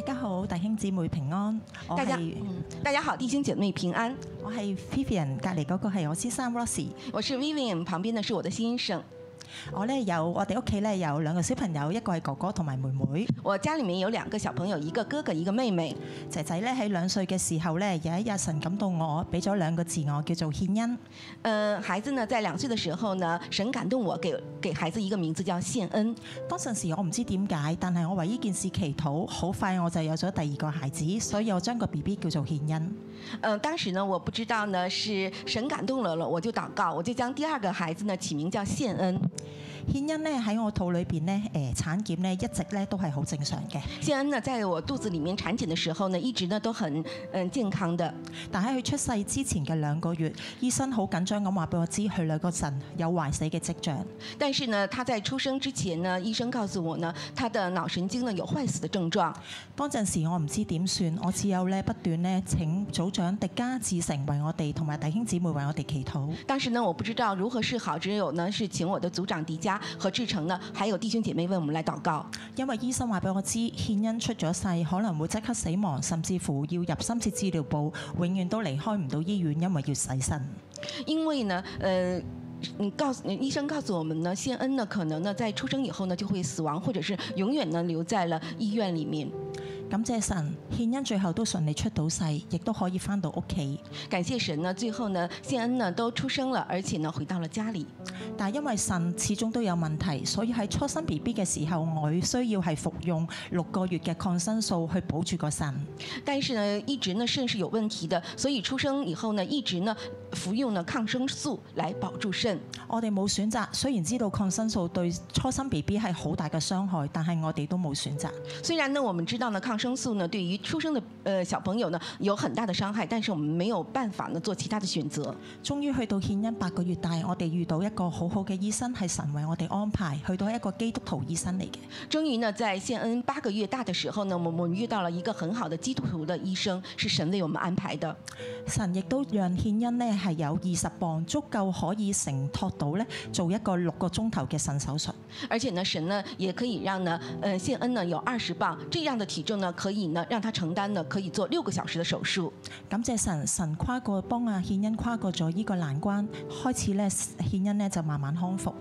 大家好，弟兄姊妹平安。大家，嗯、大家好，弟兄姐妹平安。我係 Vivian 隔籬嗰個係我先生 Rossi。我是 Vivian 旁邊呢是我的先生。我咧，有我哋屋企咧有兩個小朋友，一個係哥哥同埋妹妹。我家裏面有兩個小朋友，一個哥哥一個妹妹。仔仔咧喺兩歲嘅時候咧有一日神感動我，俾咗兩個字我叫做獻恩。嗯、呃，孩子呢，在兩歲嘅時候呢，神感動我，給給孩子一個名字叫獻恩。當陣時我唔知點解，但係我為呢件事祈禱，好快我就有咗第二個孩子，所以我將個 BB 叫做獻恩。嗯，當時呢，我不知道呢，是神感動了了，我就禱告，我就將第二個孩子呢起名叫謝恩。軒恩咧喺我肚裏邊咧，誒產檢咧一直咧都係好正常嘅。軒恩呢，在我肚子裡面產檢嘅時候呢，一直呢都很嗯健康的。但喺佢出世之前嘅兩個月，醫生好緊張咁話俾我知佢兩個腎有壞死嘅跡象。但是呢，他在出生之前呢，醫生告訴我呢，他的腦神經呢有壞死的症狀。當陣時我唔知點算，我只有咧不斷咧請組長迪加志成為我哋同埋弟兄姊妹為我哋祈禱。但是呢，我不知道如何是好，只有呢是請我的組長迪加。和志成呢，還有弟兄姐妹為我們來禱告。因為醫生話俾我知，獻恩出咗世可能會即刻死亡，甚至乎要入深切治療部，永遠都離開唔到醫院，因為要洗身。因為呢，誒、呃，你告訴醫生告訴我們呢，獻恩呢可能呢在出生以後呢就會死亡，或者是永遠呢留在了醫院裏面。感謝神，獻恩最後都順利出到世，亦都可以返到屋企。感謝神呢，最後呢，獻恩呢都出生了，而且呢回到了家裏。但係因為腎始終都有問題，所以喺初生 B B 嘅時候，我需要係服用六個月嘅抗生素去保住個腎。但是呢，一直呢腎是有問題的，所以出生以後呢，一直呢服用呢抗生素來保住腎。我哋冇選擇，雖然知道抗生素對初生 B B 係好大嘅傷害，但係我哋都冇選擇。雖然呢，我們知道呢抗生素呢，對於出生的，呃小朋友呢，有很大的傷害，但是我們沒有辦法呢做其他的選擇。終於去到獻恩八個月大，我哋遇到一個好好嘅醫生，係神為我哋安排，去到一個基督徒醫生嚟嘅。終於呢，在獻恩八個月大的時候呢，我們遇到了一個很好的基督徒的醫生，是神為我們安排的。神亦都讓獻恩呢係有二十磅，足夠可以承托到呢做一個六個鐘頭嘅腎手術。而且呢，神呢也可以讓呢，呃獻恩呢有二十磅，這樣的體重呢。可以呢，讓他承擔呢，可以做六個小時的手術。感謝神，神跨過幫啊，獻恩跨過咗呢個難關，開始呢，獻恩呢就慢慢康復。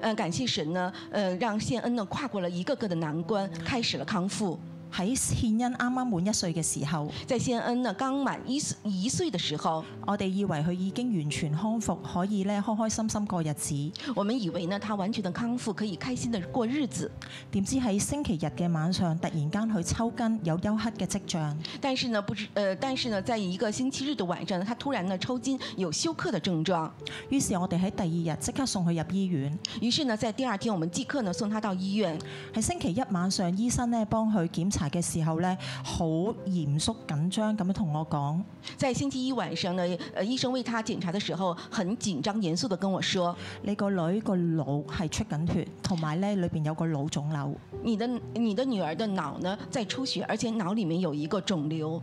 嗯、呃，感謝神呢，嗯、呃，讓獻恩呢跨過了一個個的難關，開始了康復。喺憲恩啱啱滿一歲嘅時候，即係憲恩啊，剛滿一歲一歲的時候，我哋以為佢已經完全康復，可以咧開開心心過日子。我們以為呢，他完全的康復，可以開心的過日子。點知喺星期日嘅晚上，突然間佢抽筋，有休克嘅跡象。但是呢，不知，誒，但是呢，在一個星期日的晚上，他突然呢抽筋，有休克的症狀。於是，我哋喺第二日即刻送佢入醫院。於是呢，在第二天，我們即刻呢送他到醫院。喺星期一晚上，醫生呢幫佢檢查嘅時候咧，好嚴肅緊張咁樣同我講。在星期一晚上呢，呃醫生為他檢查的時候，很緊張嚴肅的跟我說：你個女個腦係出緊血，同埋咧裏邊有個腦腫瘤。你的你的女兒的腦呢在出血，而且腦裡面有一個腫瘤。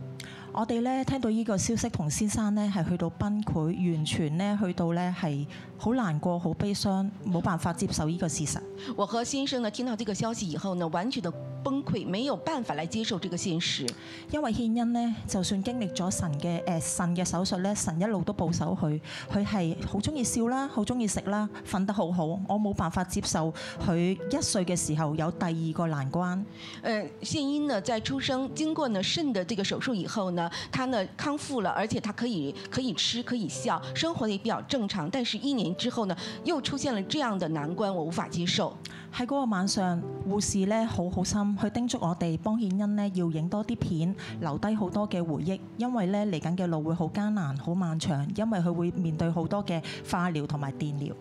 我哋咧聽到呢個消息，同先生呢係去到崩潰，完全呢去到呢係好難過、好悲傷，冇辦法接受呢個事實。我和先生呢聽到這個消息以後呢，完全的。崩潰，沒有辦法嚟接受這個現實，因為獻恩呢，就算經歷咗神嘅誒、呃、腎嘅手術咧，神一路都保守佢，佢係好鍾意笑啦，好鍾意食啦，瞓得好好，我冇辦法接受佢一歲嘅時候有第二個難關。誒、呃，獻恩呢，在出生經過呢腎的這個手術以後呢，他呢康復了，而且他可以可以吃可以笑，生活得比較正常，但是一年之後呢，又出現了這樣的難關，我無法接受。喺嗰個晚上，護士呢好好心，去叮囑我哋幫顯恩呢要影多啲片，留低好多嘅回憶，因為呢嚟緊嘅路會好艱難，好漫長，因為佢會面對好多嘅化療同埋電療。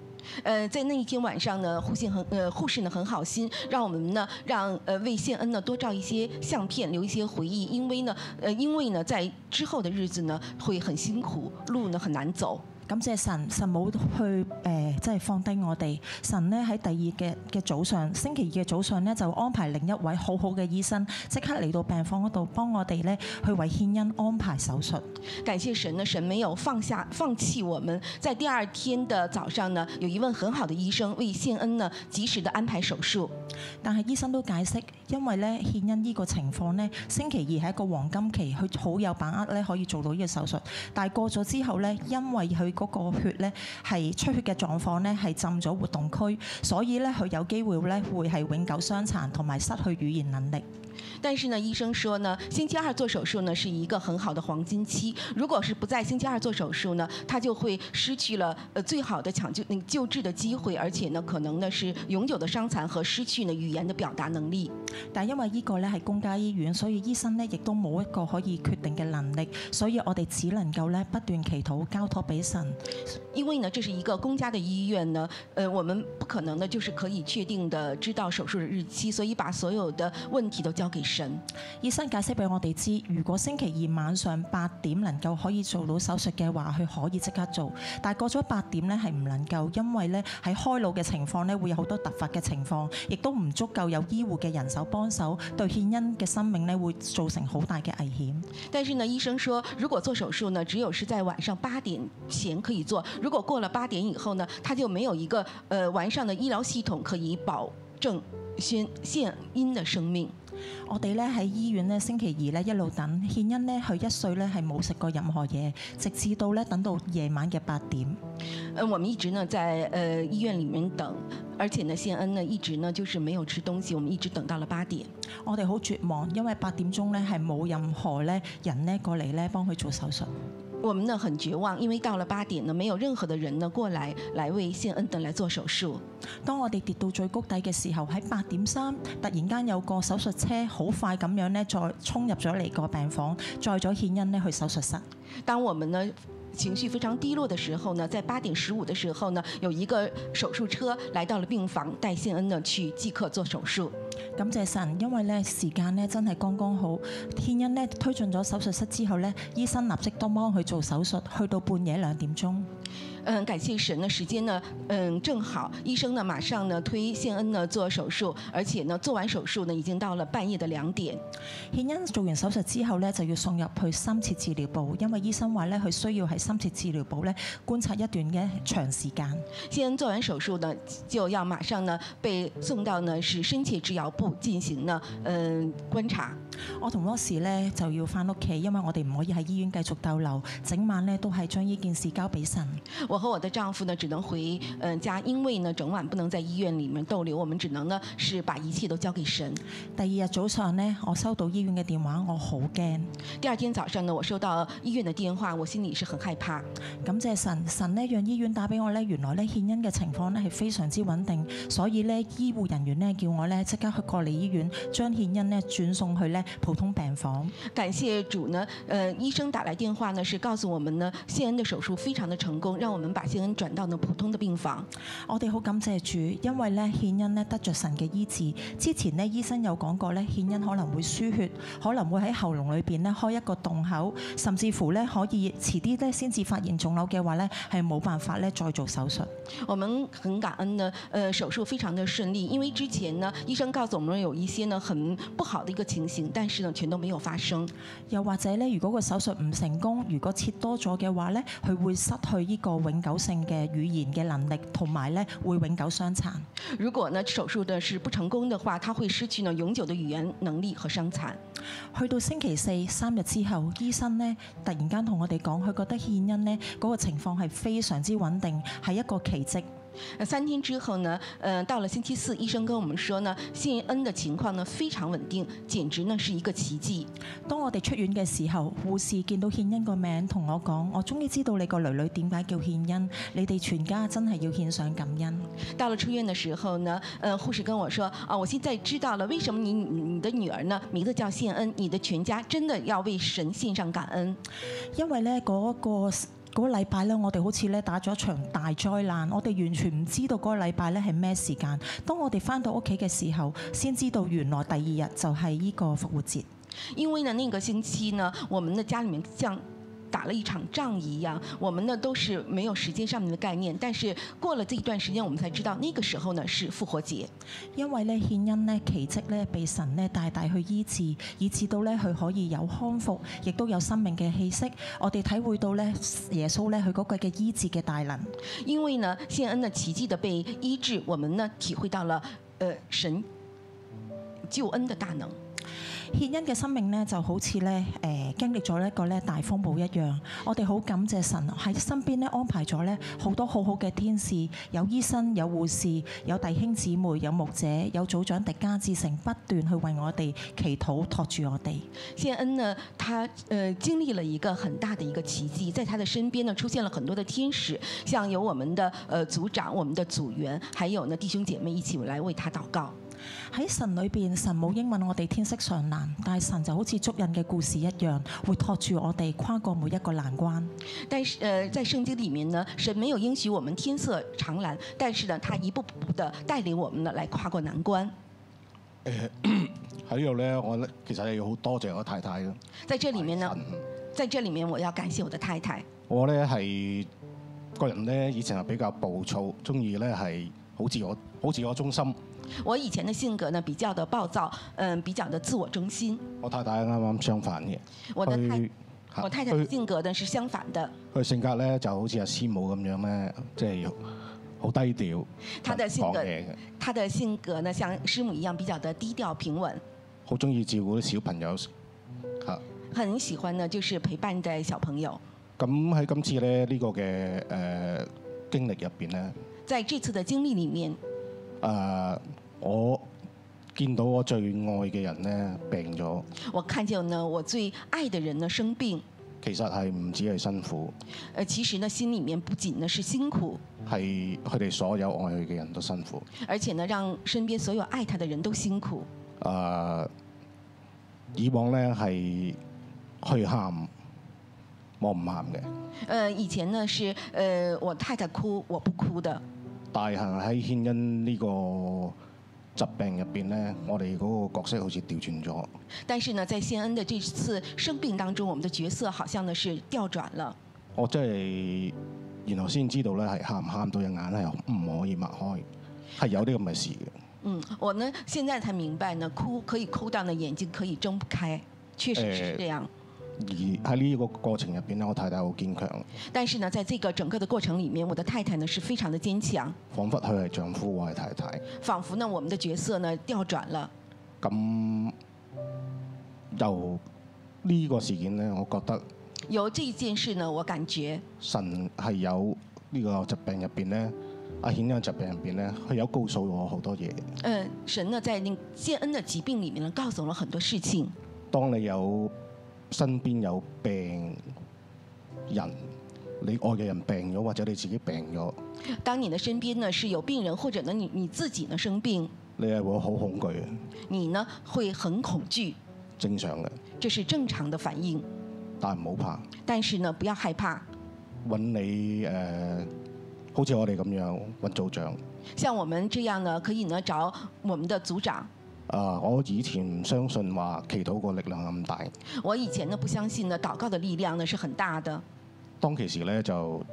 誒，在那一天晚上呢，護士很呢很好心，讓我們呢，讓誒為顯恩呢多照一些相片，留一些回憶，因為呢，因為呢，在之後的日子呢，會很辛苦，路呢，很難走。感謝神，神冇去誒，即、呃、係、就是、放低我哋。神呢，喺第二嘅嘅早上，星期二嘅早上呢，就安排另一位好好嘅醫生即刻嚟到病房嗰度幫我哋呢去為獻恩安排手術。感謝神啊，神沒有放下、放棄我們。在第二天嘅早上呢，有一位很好的醫生為獻恩呢，及時的安排手術。但係醫生都解釋，因為呢獻恩呢個情況呢，星期二係一個黃金期，佢好有把握咧可以做到呢個手術。但係過咗之後呢，因為佢。嗰個血咧係出血嘅狀況咧係浸咗活動區，所以咧佢有機會咧會係永久傷殘，同埋失去語言能力。但是呢，醫生說呢，星期二做手術呢是一個很好的黃金期。如果是不在星期二做手術呢，他就會失去了呃最好的搶救、那個救治的機會，而且呢，可能呢是永久的傷殘和失去呢語言的表達能力。但因為呢個呢係公家醫院，所以醫生呢亦都冇一個可以決定嘅能力，所以我哋只能夠呢不斷祈禱，交託俾神。因為呢，這是一個公家的醫院呢，呃，我們不可能呢就是可以確定的知道手術的日期，所以把所有的問題都交給。醫生解釋俾我哋知，如果星期二晚上八點能夠可以做到手術嘅話，佢可以即刻做。但係過咗八點呢，係唔能夠，因為呢喺開腦嘅情況呢，會有好多突發嘅情況，亦都唔足夠有醫護嘅人手幫手，對獻恩嘅生命呢，會造成好大嘅危險。但是呢，醫生說，如果做手術呢，只有是在晚上八點前可以做。如果過了八點以後呢，他就沒有一個呃完善的醫療系統可以保證獻獻恩的生命。我哋咧喺醫院咧星期二咧一路等，憲恩咧佢一歲咧係冇食過任何嘢，直至到咧等到夜晚嘅八點。呃，我們一直呢在呃醫院裏面等，而且呢憲恩呢一直呢就是沒有吃東西，我們一直等到了八點。我哋好絕望，因為八點鐘咧係冇任何咧人咧過嚟咧幫佢做手術。我們呢很絕望，因為到了八點呢，沒有任何的人呢過來來為顯恩等來做手術。當我哋跌到最谷底嘅時候，喺八點三，突然間有個手術車好快咁樣呢，再衝入咗嚟個病房，載咗顯恩呢去手術室。但我們呢？情緒非常低落的時候呢，在八點十五的時候呢，有一個手術車來到了病房，帶天恩呢去即刻做手術。感謝神，因為呢時間呢真係剛剛好。天恩呢推進咗手術室之後呢，醫生立即都幫佢做手術，去到半夜兩點鐘。嗯，感謝神呢，時間呢，嗯，正好，醫生呢，馬上呢，推謝恩呢做手術，而且呢，做完手術呢，已經到了半夜的兩點。謝恩做完手術之後呢，就要送入去深切治療部，因為醫生話呢，佢需要喺深切治療部呢觀察一段嘅長時間。謝恩做完手術呢，就要馬上呢被送到呢是深切治療部進行呢，嗯，觀察。我同羅氏呢，就要返屋企，因為我哋唔可以喺醫院繼續逗留，整晚呢都係將呢件事交俾神。我和我的丈夫呢，只能回嗯，家，因為呢，整晚不能在醫院裡面逗留，我們只能呢是把一切都交給神。第二日早上呢，我收到醫院嘅電話，我好驚。第二天早上呢，我收到醫院嘅電話，我心裡是很害怕。感謝神，神呢讓醫院打俾我呢，原來呢獻恩嘅情況呢係非常之穩定，所以呢，醫護人員呢叫我呢即刻去過嚟醫院，將獻恩呢轉送去呢普通病房。感謝主呢，呃，醫生打來電話呢，是告訴我們呢，獻恩嘅手術非常的成功，讓我。能把先隻轉到普通嘅病房，我哋好感謝主，因為咧獻恩咧得着神嘅醫治。之前咧醫生有講過咧，獻恩可能會輸血，可能會喺喉嚨裏邊咧開一個洞口，甚至乎咧可以遲啲咧先至發現腫瘤嘅話呢，係冇辦法咧再做手術。我們很感恩呢，呃，手術非常的順利，因為之前呢醫生告訴我們有一些呢很不好的一個情形，但是呢全都沒有發生。又或者呢，如果個手術唔成功，如果切多咗嘅話呢，佢會失去呢個永久性嘅語言嘅能力，同埋呢會永久傷殘。如果呢手術呢是不成功的話，他會失去呢永久的語言能力和傷殘。去到星期四三日之後，醫生呢突然間同我哋講，佢覺得獻殷呢嗰、那個情況係非常之穩定，係一個奇蹟。三天之後呢，呃，到了星期四，醫生跟我們說呢，獻恩的情況呢非常穩定，簡直呢是一個奇跡。當我哋出院嘅時候，護士見到獻恩個名，同我講，我終於知道你個女女點解叫獻恩，你哋全家真係要獻上感恩。到了出院的時候呢，呃，護士跟我說，啊，我現在知道了為什麼你你的女兒呢名字叫獻恩，你的全家真的要為神獻上感恩，因為咧嗰、那個。嗰個禮拜呢，我哋好似呢打咗場大災難，我哋完全唔知道嗰個禮拜呢係咩時間。當我哋返到屋企嘅時候，先知道原來第二日就係呢個復活節。因為呢那個星期呢，我們的家裏面這樣。打了一場仗一樣啊，我們呢，都是沒有時間上面的概念，但是過了這一段時間，我們才知道那個時候呢是復活節，因為呢，獻恩呢奇迹呢被神呢大大去醫治，以致到呢，佢可以有康復，亦都有生命嘅氣息。我哋體會到呢，耶穌呢，佢嗰個嘅醫治嘅大能。因為呢，獻恩呢奇迹的被醫治，我們呢體會到了，呃，神救恩的大能。獻恩嘅生命咧，就好似咧，誒，經歷咗一個咧大風暴一樣。我哋好感謝神喺身邊咧安排咗咧好多好好嘅天使，有醫生，有護士，有弟兄姊妹，有牧者，有組長迪加志成，不斷去為我哋祈禱，托住我哋。獻恩呢，他誒、呃、經歷了一個很大的一個奇跡，在他的身邊呢出現了很多的天使，像有我們的誒、呃、組長、我們的組員，還有呢弟兄姐妹一起來為他禱告。喺神裏邊，神冇應允。我哋天色常藍，但係神就好似足印嘅故事一樣，會托住我哋跨過每一個難關。但係，誒、呃，在聖經裏面呢，神沒有應許我們天色長藍，但是呢，他一步步的帶領我們呢，來跨過難關。喺呢度咧，我咧其實係要好多謝我太太嘅。在這裏面呢，在這裏面，我要感謝我的太太。呢我咧係個人咧，以前係比較暴躁，中意咧係好自我，好自我中心。我以前的性格呢，比較的暴躁，嗯，比較的自我中心。我太太啱啱相反嘅。我太太，我太太的性格呢是相反的。佢性格呢，就好似阿師母咁樣呢，即係好低調。講嘢嘅。她的，的，的性格呢，像師母一樣，比較的低調平穩。好鍾意照顧小朋友，嚇、啊。很喜歡呢，就是陪伴的小朋友。咁喺今次呢呢個嘅誒經歷入邊呢，這個呃、面在這次的經歷裡面，啊、呃。我見到我最愛嘅人咧病咗。我看見呢我最愛嘅人呢生病。其實係唔止係辛苦。誒，其實呢心裡面不僅呢是辛苦，係佢哋所有愛佢嘅人都辛苦，而且呢讓身邊所有愛他嘅人都辛苦。誒、呃，以往呢，係去喊，我唔喊嘅。誒、呃，以前呢是誒、呃、我太太哭，我不哭的。大行喺獻恩呢個。疾病入邊呢，我哋嗰個角色好似調轉咗。但是呢，在謝恩的這次生病當中，我們的角色好像呢是調轉了。我真係，然後先知道咧係喊唔喊到隻眼咧，又唔可以擘開，係有啲咁嘅事嘅。嗯，我呢現在才明白呢，哭可以哭到呢眼睛可以睜唔開，確實是這樣。呃而喺呢個過程入邊咧，我太太好堅強。但是呢，在這個整個嘅過程裡面，我的太太呢是非常的堅強。彷彿佢係丈夫，我係太太。彷彿呢，我們的角色呢調轉了。咁、嗯、由呢個事件呢，我覺得由這件事呢，我感覺神係有呢個疾病入邊呢，阿顯恩疾病入邊呢，佢有告訴我好多嘢。嗯、呃，神呢，在那顯恩的疾病裡面呢，告訴我很多事情。當你有身邊有病人，你愛嘅人病咗，或者你自己病咗。當你的身邊呢是有病人，或者呢你你自己呢生病，你係會好恐懼嘅。你呢會很恐懼。恐懼正常嘅。這是正常的反應。但唔好怕。但是呢，不要害怕。揾你誒、呃，好似我哋咁樣揾組長。像我們這樣呢，可以呢找我們的組長。啊！Uh, 我以前唔相信話祈禱個力量咁大。我以前呢不相信呢，禱告嘅力量呢是很大的。當其時咧就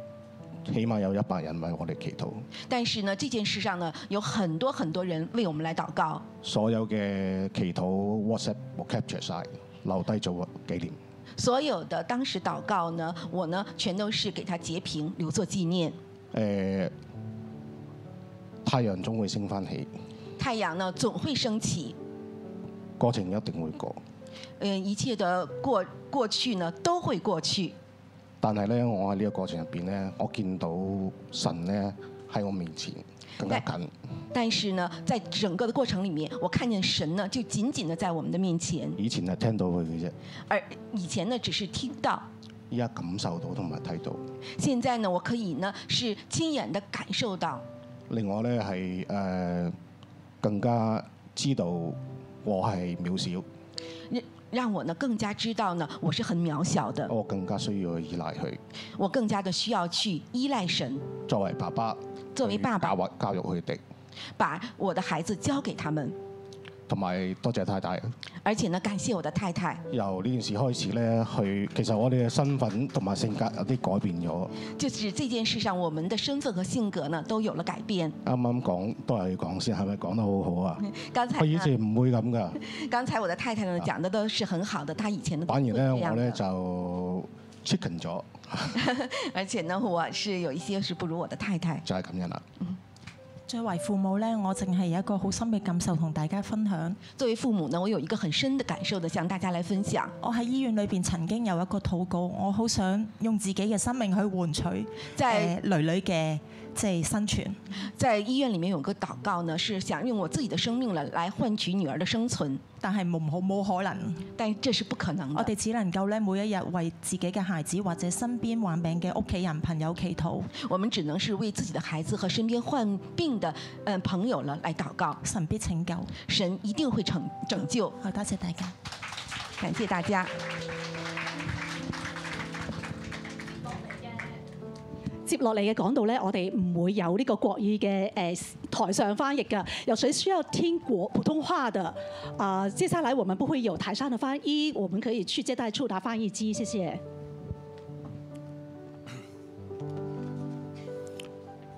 起碼有一百人為我哋祈禱。但是呢，這件事上呢，有很多很多人為我們來禱告。所有嘅祈禱 WhatsApp 我 capture 晒，留低做紀念。所有的當時禱告呢，我呢全都是給他截屏留作紀念。誒、呃，太陽總會升翻起。太陽呢，總會升起。過程一定會過。嗯、呃，一切的過過去呢，都會過去。但係咧，我喺呢個過程入邊咧，我見到神咧喺我面前更加近。但是呢，在整個嘅過程裡面，我看見神呢就緊緊的在我們的面前。以前係聽到佢嘅啫。而以前呢，只是聽到。依家感受到同埋睇到。現在呢，我可以呢是親眼的感受到。另外咧係誒。更加知道我係渺小，讓我呢更加知道呢我是很渺小的。我更加需要去依賴佢，我更加的需要去依賴神。作為爸爸，作為爸爸教教育佢哋，把我的孩子交給他們。同埋多謝太太。而且呢，感謝我的太太。由呢件事開始咧，去其實我哋嘅身份同埋性格有啲改變咗。就是這件事上，我們的身份和性格呢都有了改變。啱啱講都係講先，係咪講得好好啊？剛才我以前唔會咁噶。剛才我的太太呢講是的都是很好的，她以前的。反而呢，我呢就 chicken 咗。 而且呢，我是有一些是不如我的太太。就係咁樣啦。嗯作為父母呢，我淨係有一個好深嘅感受同大家分享。作為父母呢，我有一個很深嘅感受，就向大家來分享。我喺醫院裏邊曾經有一個禱告，我好想用自己嘅生命去換取，即係在、呃、女女嘅。在生存，在醫院裏面有個禱告呢，是想用我自己的生命了來，來換取女兒的生存，但係冇可能，但這是不可能的，我哋只能夠咧，每一日為自己嘅孩子或者身邊患病嘅屋企人朋友祈禱。我們只能是為自己的孩子和身邊患病的朋友了來禱告，神必拯救，神一定會拯拯救。好，多謝、謝大家，感謝大家。接落嚟嘅講道咧，我哋唔會有呢個國語嘅誒台上翻譯噶，有誰需要聽國普通話的。接下來我們不會有台上嘅翻譯，我們可以去接待處打翻譯機，謝謝。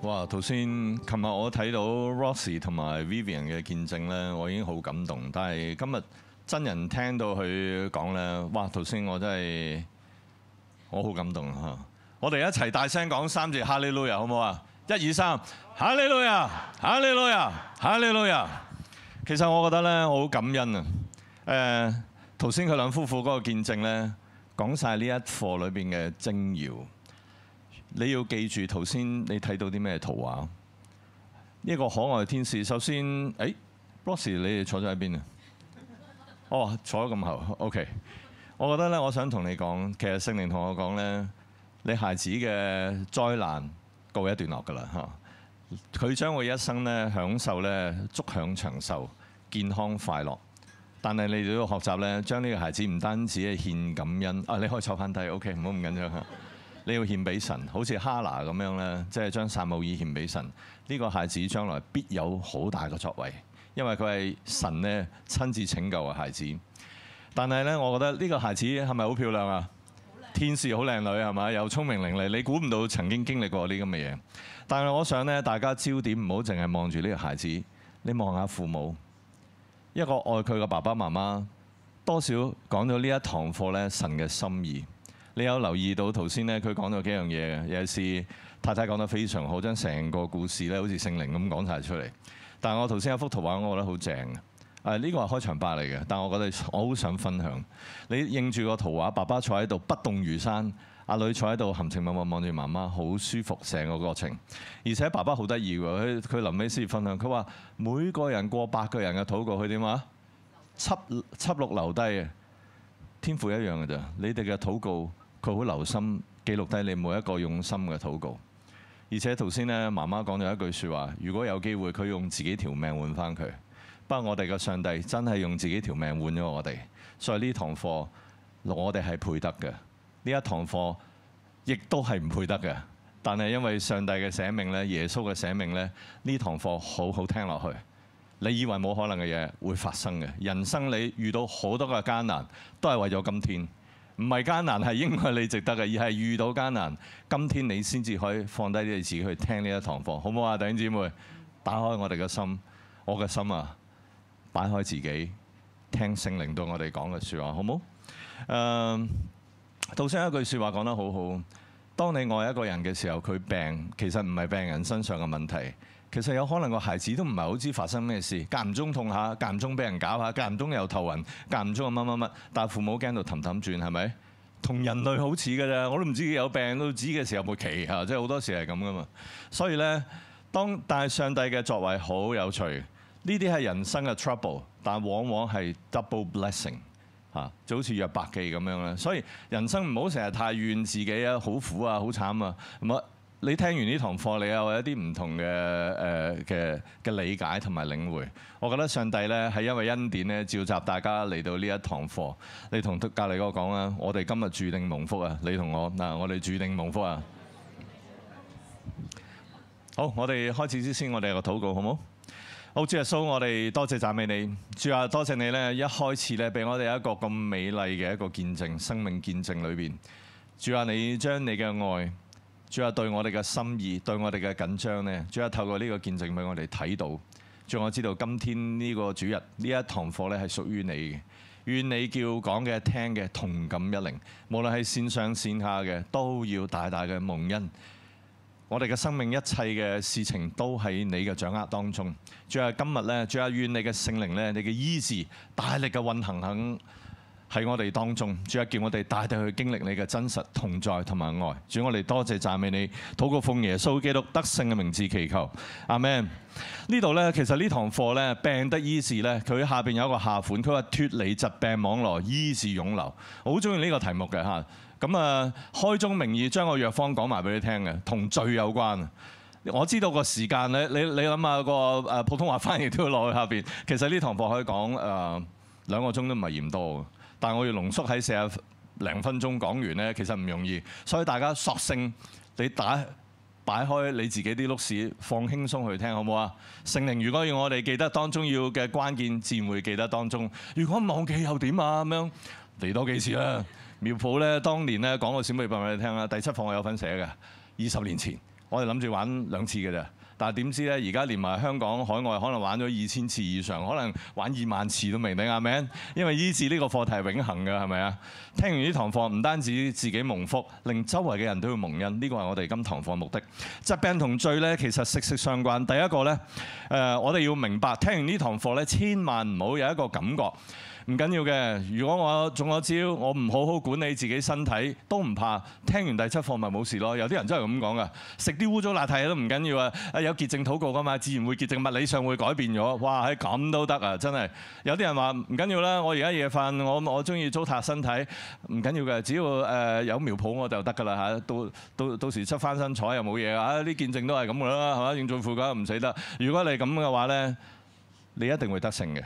哇！頭先琴日我睇到 Rosie 同埋 Vivian 嘅見證咧，我已經好感動。但係今日真人聽到佢講咧，哇！頭先我真係我好感動嚇。我哋一齊大聲講三字，哈利路亞，好唔好啊？一二三，哈利路亞，哈利路亞，哈利路亞。其實我覺得咧，我好感恩啊。誒、呃，頭先佢兩夫婦嗰個見證咧，講晒呢一課裏面嘅精要。你要記住頭先你睇到啲咩圖畫？呢、這個可愛天使。首先，哎，boss，你哋坐咗喺邊啊？哦，坐咗咁後，OK。我覺得咧，我想同你講，其實聖靈同我講咧。你孩子嘅災難告一段落㗎啦，嚇！佢將會一生咧享受咧，祝享長壽、健康快樂。但係你哋喺度學習咧，將呢個孩子唔單止係獻感恩，啊你可以坐翻低，OK，唔好咁緊張嚇。 你要獻俾神，好似哈拿咁樣咧，即係將撒母耳獻俾神。呢個孩子將來必有好大嘅作為，因為佢係神咧親自拯救嘅孩子。但係咧，我覺得呢個孩子係咪好漂亮啊？天使好靚女係嘛？又聰明伶俐，你估唔到曾經經歷過呢啲咁嘅嘢。但係我想咧，大家焦點唔好淨係望住呢個孩子，你望下父母。一個愛佢嘅爸爸媽媽，多少講到呢一堂課咧神嘅心意。你有留意到頭先咧，佢講咗幾樣嘢嘅。尤其是太太講得非常好，將成個故事咧，好似聖靈咁講晒出嚟。但係我頭先有一幅圖畫，我覺得好正。誒呢個係開場白嚟嘅，但我覺得我好想分享。你應住個圖畫，爸爸坐喺度不動如山，阿女坐喺度含情脈脈望住媽媽，好舒服成個過程。而且爸爸好得意喎，佢佢臨尾先分享，佢話每個人過百個人嘅禱告，佢點話？七七六留低嘅，天父一樣嘅咋。你哋嘅禱告，佢好留心記錄低你每一個用心嘅禱告。而且頭先呢，媽媽講咗一句説話，如果有機會，佢用自己條命換翻佢。不，我哋嘅上帝真係用自己條命換咗我哋。所以呢堂課，我哋係配得嘅。呢一堂課，亦都係唔配得嘅。但係因為上帝嘅寫命呢，耶穌嘅寫命咧，呢堂課好好聽落去。你以為冇可能嘅嘢會發生嘅，人生你遇到好多嘅艱難，都係為咗今天。唔係艱難係因為你值得嘅，而係遇到艱難，今天你先至可以放低你自己去聽呢一堂課，好唔好啊？弟兄姊妹，打開我哋嘅心，我嘅心啊！擺開自己，聽聖靈對我哋講嘅說話，好唔好？誒、嗯，道生一句說話講得好好。當你愛一個人嘅時候，佢病其實唔係病人身上嘅問題，其實有可能個孩子都唔係好知發生咩事，間唔中痛下，間唔中俾人搞下，間唔中又頭暈，間唔中乜乜乜，但係父母驚到氹氹轉，係咪？同人類好似㗎咋，我都唔知有病都知嘅時候冇奇，即係好多時係咁㗎嘛。所以咧，當但係上帝嘅作為好有趣。呢啲係人生嘅 trouble，但往往係 double blessing 吓，就好似約伯記咁樣啦。所以人生唔好成日太怨自己啊，好苦啊，好慘啊。咁啊，你聽完呢堂課，你又有啲唔同嘅誒嘅嘅理解同埋領會。我覺得上帝呢係因為恩典呢召集大家嚟到呢一堂課。你同隔籬嗰個講啊，我哋今日注定蒙福啊。你同我嗱，我哋注定蒙福啊。好，我哋開始之先，我哋有個禱告好冇？好，主耶穌，我哋多謝讚美你。主啊，多謝你呢。一開始呢，俾我哋一個咁美麗嘅一個見證，生命見證裏邊。主啊，你將你嘅愛，主啊，對我哋嘅心意，對我哋嘅緊張呢，主啊，透過呢個見證俾我哋睇到。主，我知道今天呢個主日呢一堂課呢係屬於你嘅。願你叫講嘅聽嘅同感一靈，無論係線上線下嘅，都要大大嘅蒙恩。我哋嘅生命一切嘅事情都喺你嘅掌握當中，仲有今日咧，仲有願你嘅聖靈咧，你嘅醫治大力嘅運行響。喺我哋當中，主要叫我哋大啲去經歷你嘅真實同在同埋愛。主，我哋多謝讚美你，禱告奉耶穌基督得勝嘅名字祈求。阿們。呢度咧，其實呢堂課咧，病得醫治咧，佢下邊有一個下款，佢話脫離疾病網絡，醫治湧流。好中意呢個題目嘅嚇。咁啊，開宗明義將個藥方講埋俾你聽嘅，同罪有關。我知道個時間咧，你你諗下個誒普通話翻譯都要落去下邊。其實呢堂課可以講誒、呃、兩個鐘都唔係嫌多嘅但我要濃縮喺四十零分鐘講完呢，其實唔容易，所以大家索性你打擺開你自己啲碌屎，放輕鬆去聽，好唔好啊？聖靈，如果要我哋記得當中要嘅關鍵，自然會記得當中。如果忘記又點啊？咁樣嚟多幾次啦。苗圃呢，當年呢講個小秘密俾你聽啦。第七課我有份寫嘅，二十年前我哋諗住玩兩次嘅咋。但係點知咧？而家連埋香港海外可能玩咗二千次以上，可能玩二萬次都未定，係咪？因為醫治呢個課題係永恆嘅，係咪啊？聽完呢堂課，唔單止自己蒙福，令周圍嘅人都要蒙恩，呢個係我哋今堂課的目的。疾病同罪呢，其實息息相關。第一個呢，誒，我哋要明白，聽完呢堂課呢，千萬唔好有一個感覺。唔緊要嘅，如果我中咗招，我唔好好管理自己身體，都唔怕。聽完第七課咪冇事咯。有啲人真係咁講噶，食啲污糟邋遢嘢都唔緊要啊！啊有潔淨禱告噶嘛，自然會潔淨，物理上會改變咗。哇！係咁都得啊，真係有啲人話唔緊要啦。我而家夜瞓，我我中意糟蹋身體，唔緊要嘅。只要誒有苗圃我就得㗎啦嚇。到到到時出翻身彩又冇嘢啊！啲見證都係咁噶啦，係嘛？應盡負擔唔死得。如果你咁嘅話咧，你一定會得勝嘅。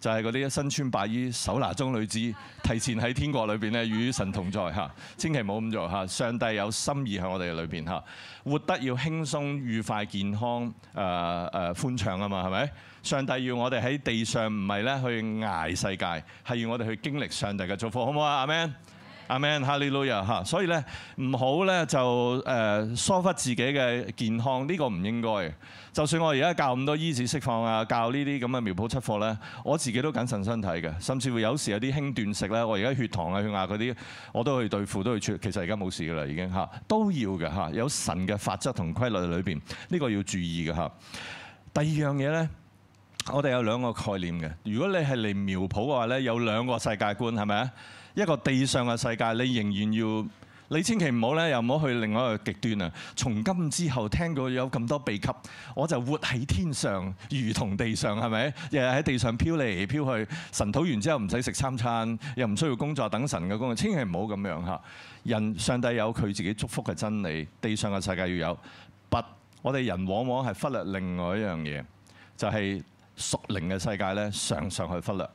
就係嗰啲身穿白衣、手拿棕樹枝，提前喺天國裏邊咧與神同在嚇，千祈唔好咁做嚇。上帝有心意喺我哋裏邊嚇，活得要輕鬆、愉快、健康、誒、呃、誒、呃、歡暢啊嘛，係咪？上帝要我哋喺地上唔係咧去捱世界，係要我哋去經歷上帝嘅祝福，好唔好啊？阿們。阿 men，hallelujah 嚇！所以咧，唔好咧就誒疏忽自己嘅健康，呢個唔應該嘅。就算我而家教咁多醫治釋放啊，教呢啲咁嘅苗圃出貨咧，我自己都謹慎身體嘅，甚至乎有時有啲輕斷食咧，我而家血糖啊、血壓嗰啲我都去對付，都去出。其實而家冇事噶啦，已經嚇都要嘅嚇。有神嘅法則同規律裏邊，呢個要注意嘅嚇。第二樣嘢咧，我哋有兩個概念嘅。如果你係嚟苗圃嘅話咧，有兩個世界觀，係咪啊？一個地上嘅世界，你仍然要你千祈唔好咧，又唔好去另外一個極端啊！從今之後聽過有咁多秘笈，我就活喺天上，如同地上係咪？日日喺地上飄嚟飄去，神吐完之後唔使食三餐，又唔需要工作等神嘅工作，千祈唔好咁樣嚇人。上帝有佢自己祝福嘅真理，地上嘅世界要有，不，我哋人往往係忽略另外一樣嘢，就係、是、屬靈嘅世界咧，常常去忽略。誒、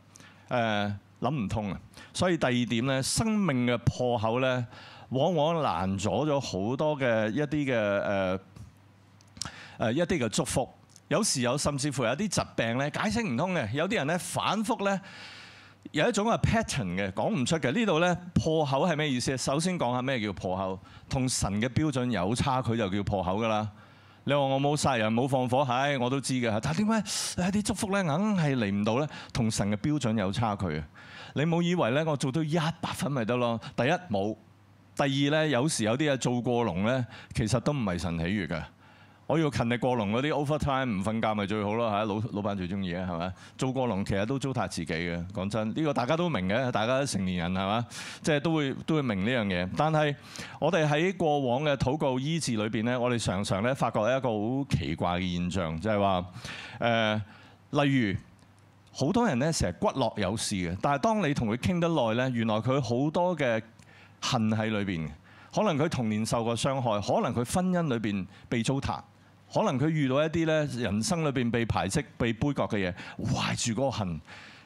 呃。諗唔通啊！所以第二點咧，生命嘅破口咧，往往攔阻咗好多嘅一啲嘅誒誒一啲嘅祝福。有時有甚至乎有啲疾病咧，解釋唔通嘅，有啲人咧反覆咧有一種係 pattern 嘅，講唔出嘅。呢度咧破口係咩意思？首先講下咩叫破口，同神嘅標準有差距就叫破口噶啦。你話我冇殺人冇放火。唉，我都知嘅，但點解啲祝福咧硬係嚟唔到咧？同神嘅標準有差距啊！你冇以為咧我做到一百分咪得咯？第一冇，第二咧有時候有啲嘢做過龍咧，其實都唔係神喜悅嘅。我要勤力過勞嗰啲 overtime 唔瞓覺咪最好咯，吓，老老闆最中意啊，係咪？做過勞其實都糟蹋自己嘅。講真呢個大家都明嘅，大家都成年人係嘛？即係、就是、都會都會明呢樣嘢。但係我哋喺過往嘅禱告醫治裏邊呢，我哋常常咧發覺有一個好奇怪嘅現象，就係話誒，例如好多人呢成日骨骼有事嘅，但係當你同佢傾得耐呢，原來佢好多嘅恨喺裏邊，可能佢童年受過傷害，可能佢婚姻裏邊被糟蹋。可能佢遇到一啲咧人生裏邊被排斥、被杯葛嘅嘢，懷住嗰個恨，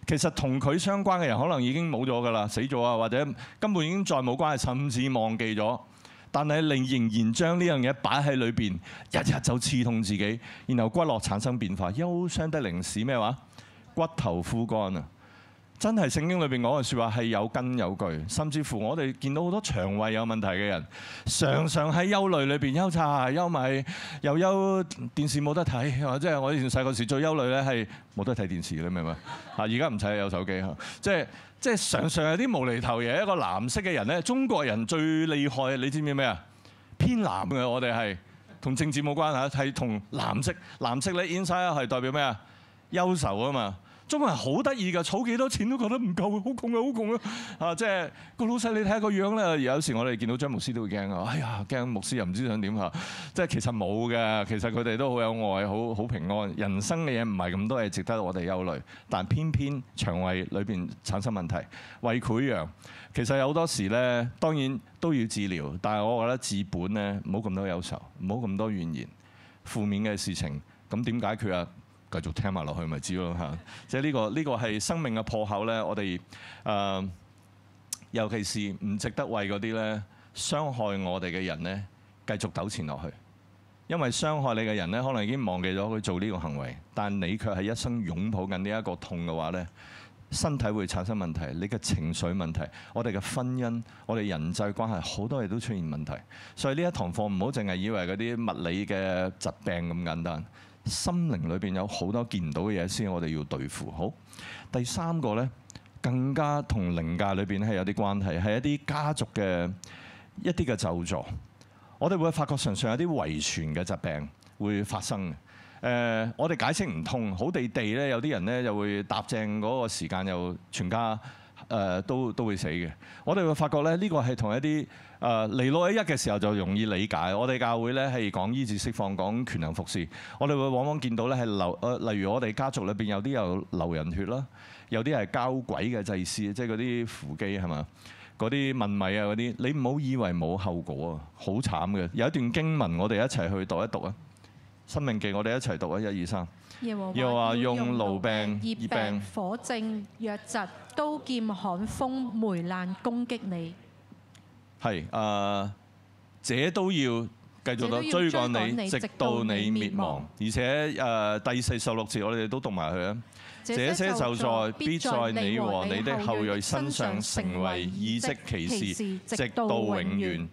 其實同佢相關嘅人可能已經冇咗㗎啦，死咗啊，或者根本已經再冇關係，甚至忘記咗。但係仍仍然將呢樣嘢擺喺裏邊，日日就刺痛自己，然後骨骼產生變化，憂傷得靈使咩話，骨頭枯乾啊！真係聖經裏邊講嘅説話係有根有據，甚至乎我哋見到好多腸胃有問題嘅人，常常喺憂慮裏邊憂柴憂米，又憂電視冇得睇，係嘛？即係我以前細個時最憂慮咧，係冇得睇電視，你明唔明？啊，而家唔使有手機 即係即係常常有啲無厘頭嘢。一個藍色嘅人咧，中國人最厲害，你知唔知咩啊？偏藍嘅，我哋係同政治冇關係，係同藍色。藍色咧，入面係代表咩啊？憂愁啊嘛。中文好得意㗎，儲幾多錢都覺得唔夠，好窮啊，好窮啊！啊，即係個老細，你睇下個樣咧。有時我哋見到張牧師都會驚啊，哎呀，驚牧師又唔知想點嚇。即係其實冇嘅，其實佢哋都好有愛，好好平安。人生嘅嘢唔係咁多，係值得我哋憂慮。但偏偏腸胃裏邊產生問題，胃潰瘍，其實有好多時咧，當然都要治療。但係我覺得治本咧，唔好咁多憂愁，唔好咁多怨言，負面嘅事情，咁點解決啊？繼續聽埋落去咪知咯嚇，即係呢個呢個係生命嘅破口呢，我哋誒，尤其是唔值得為嗰啲呢傷害我哋嘅人呢繼續糾纏落去，因為傷害你嘅人呢，可能已經忘記咗佢做呢個行為，但你卻係一生擁抱緊呢一個痛嘅話呢，身體會產生問題，你嘅情緒問題，我哋嘅婚姻，我哋人際關係好多嘢都出現問題。所以呢一堂課唔好淨係以為嗰啲物理嘅疾病咁簡單。心靈裏邊有好多見唔到嘅嘢先，我哋要對付。好，第三個呢，更加同靈界裏邊係有啲關係，係一啲家族嘅一啲嘅咒詛。我哋會發覺純粹有啲遺傳嘅疾病會發生嘅、呃。我哋解釋唔通，好地地呢，有啲人呢就會搭正嗰個時間，又全家誒、呃、都都會死嘅。我哋會發覺呢，呢、這個係同一啲。誒嚟到一一嘅時候就容易理解，我哋教會咧係講醫治釋放，講權能服侍。我哋會往往見到咧係流誒，例如我哋家族裏邊有啲又流人血啦，有啲係交鬼嘅祭司，即係嗰啲扶乩係嘛，嗰啲問米啊嗰啲，你唔好以為冇後果啊，好慘嘅。有一段經文我哋一齊去讀一讀啊，《生命記》我哋一齊讀啊，一二三，又和話用癆病、熱病、火症、瘧疾、刀劍、旱風、霉爛攻擊你。係誒，這、呃、都要繼續到追趕你，直到你滅亡。滅亡，而且誒、呃，第四十六節我哋都讀埋佢啊。這些咒詛必在你和你的後裔身上成為異蹟奇事，直到永遠。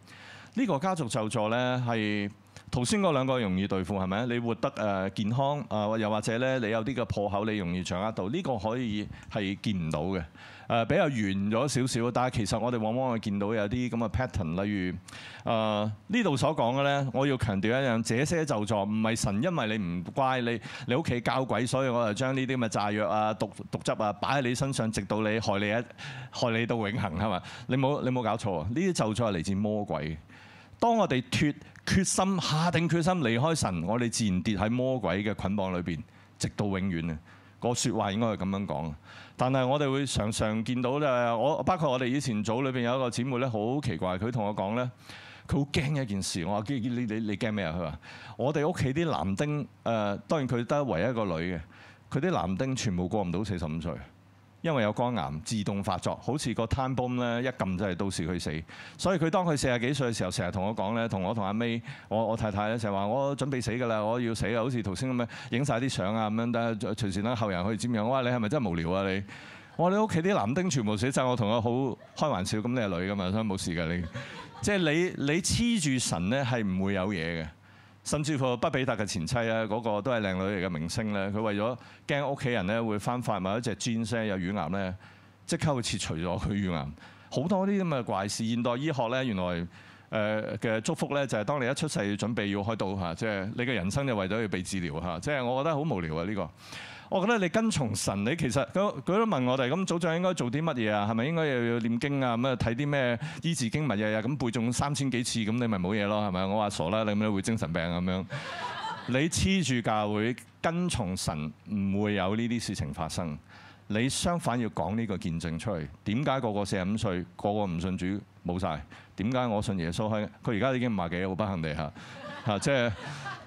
呢個家族咒詛呢，係頭先嗰兩個容易對付，係咪？你活得誒健康啊，又或者呢，你有啲嘅破口，你容易掌握到。呢、這個可以係見唔到嘅。誒比較圓咗少少，但係其實我哋往往會見到有啲咁嘅 pattern，例如誒呢度所講嘅咧，我要強調一樣，這些咒詛唔係神因為你唔乖，你你屋企教鬼，所以我就將呢啲咁嘅炸藥啊、毒毒汁啊擺喺你身上，直到你害你一害你到永恆係嘛？你冇你冇搞錯啊！呢啲咒詛係嚟自魔鬼。當我哋脫決心下定決心離開神，我哋自然跌喺魔鬼嘅捆綁裏邊，直到永遠啊！那個說話應該係咁樣講。但係我哋會常常見到咧，我包括我哋以前組裏面有一個姊妹咧，好奇怪，佢同我講咧，佢好驚一件事。我話：「你你你驚咩啊？佢話：我哋屋企啲男丁，誒、呃、當然佢得唯一一個女嘅，佢啲男丁全部過唔到四十五歲。因為有肝癌自動發作，好似個 time bomb 咧，一撳就係到時佢死。所以佢當佢四十幾歲嘅時候，成日同我講咧，同我同阿 May，我我太太咧，成日話我準備死㗎啦，我要死啊，好似頭先咁樣影晒啲相啊咁樣，等隨時等後人去瞻仰。我話你係咪真係無聊啊你？我話你屋企啲男丁全部死晒，我同佢好開玩笑。咁你係女㗎嘛，所以冇事㗎你。即係 你你黐住神咧，係唔會有嘢嘅。甚至乎畢比特嘅前妻啊，嗰個都係靚女嚟嘅明星咧，佢為咗驚屋企人咧會翻發，買一隻鑽有乳癌咧，即刻會切除咗佢乳癌。好多啲咁嘅怪事，現代醫學咧原來誒嘅祝福咧，就係當你一出世準備要開刀嚇，即係你嘅人生就為咗要被治療嚇，即係我覺得好無聊啊呢個。我覺得你跟從神，你其實佢都問我哋，咁族長應該做啲乜嘢啊？係咪應該又要念經啊？咁啊，睇啲咩醫治經文日日咁背，仲三千幾次咁，你咪冇嘢咯係咪？我話傻啦，你咁你會精神病咁樣。你黐住教會跟從神，唔會有呢啲事情發生。你相反要講呢個見證出嚟。點解個個四十五歲個個唔信主冇晒？點解我信耶穌佢而家已經廿幾，好不幸地嚇嚇即係。就是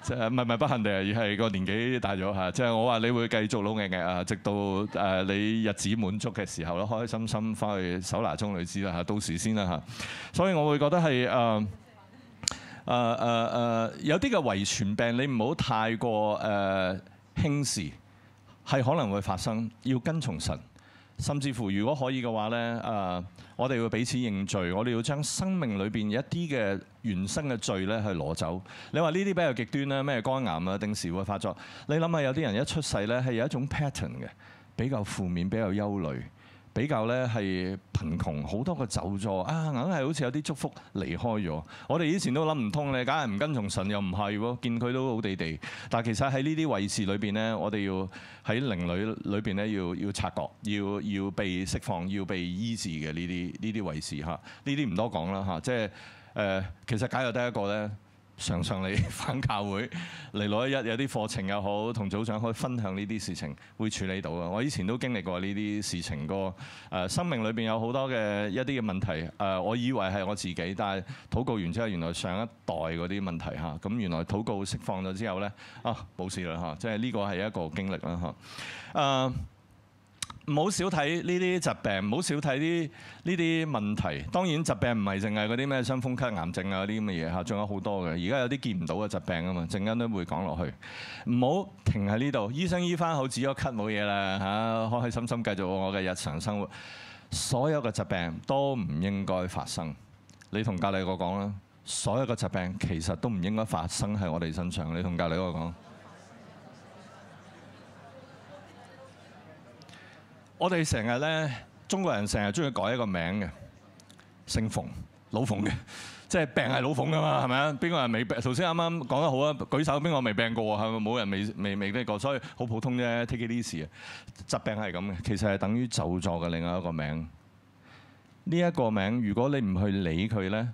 即係唔係唔係不幸地，而係個年紀大咗嚇。即係我話你會繼續老硬硬啊，直到誒你日子滿足嘅時候咯，開開心心翻去手拿中你知啦嚇。到時先啦嚇。所以我會覺得係誒誒誒誒，有啲嘅遺傳病你唔好太過誒、呃、輕視，係可能會發生。要跟從神，甚至乎如果可以嘅話咧誒。呃我哋要彼此認罪，我哋要將生命裏面一啲嘅原生嘅罪咧去攞走。你話呢啲比較極端咧，咩肝癌啊，定時會發作。你諗下，有啲人一出世咧係有一種 pattern 嘅，比較負面，比較憂慮。比較咧係貧窮，好多個走咗啊，硬係好似有啲祝福離開咗。我哋以前都諗唔通咧，梗係唔跟從神又唔係喎，見佢都好地地。但係其實喺呢啲位置裏邊咧，我哋要喺靈裡裏邊咧要要察覺，要要被釋放，要被醫治嘅呢啲呢啲位置嚇。呢啲唔多講啦嚇，即係誒，其實簡又得一個咧。常常你返教會嚟攞一日，有啲課程又好，同組長可以分享呢啲事情，會處理到嘅。我以前都經歷過呢啲事情個誒、呃，生命裏邊有好多嘅一啲嘅問題誒、呃，我以為係我自己，但係禱告完之後，原來上一代嗰啲問題嚇，咁、啊、原來禱告釋放咗之後呢，啊冇事啦嚇，即係呢個係一個經歷啦嚇誒。啊唔好少睇呢啲疾病，唔好少睇啲呢啲問題。當然，疾病唔係淨係嗰啲咩傷風咳、癌症啊嗰啲咁嘅嘢嚇，仲有好多嘅。而家有啲見唔到嘅疾病啊嘛，陣間都會講落去。唔好停喺呢度，醫生醫翻好，止咗咳冇嘢啦嚇，開開心心繼續我嘅日常生活。所有嘅疾病都唔應該發生。你同隔離個講啦，所有嘅疾病其實都唔應該發生喺我哋身上。你同隔離個講。我哋成日咧，中國人成日中意改一個名嘅，姓馮老馮嘅，即係病係老馮噶嘛，係咪啊？邊個係未病？頭先啱啱講得好啊，舉手邊個未病過啊？係咪冇人未未未咩過？所以好普通啫，take it easy 啊！疾病係咁嘅，其實係等於走咗嘅另外一個名。呢、這、一個名，如果你唔去理佢咧。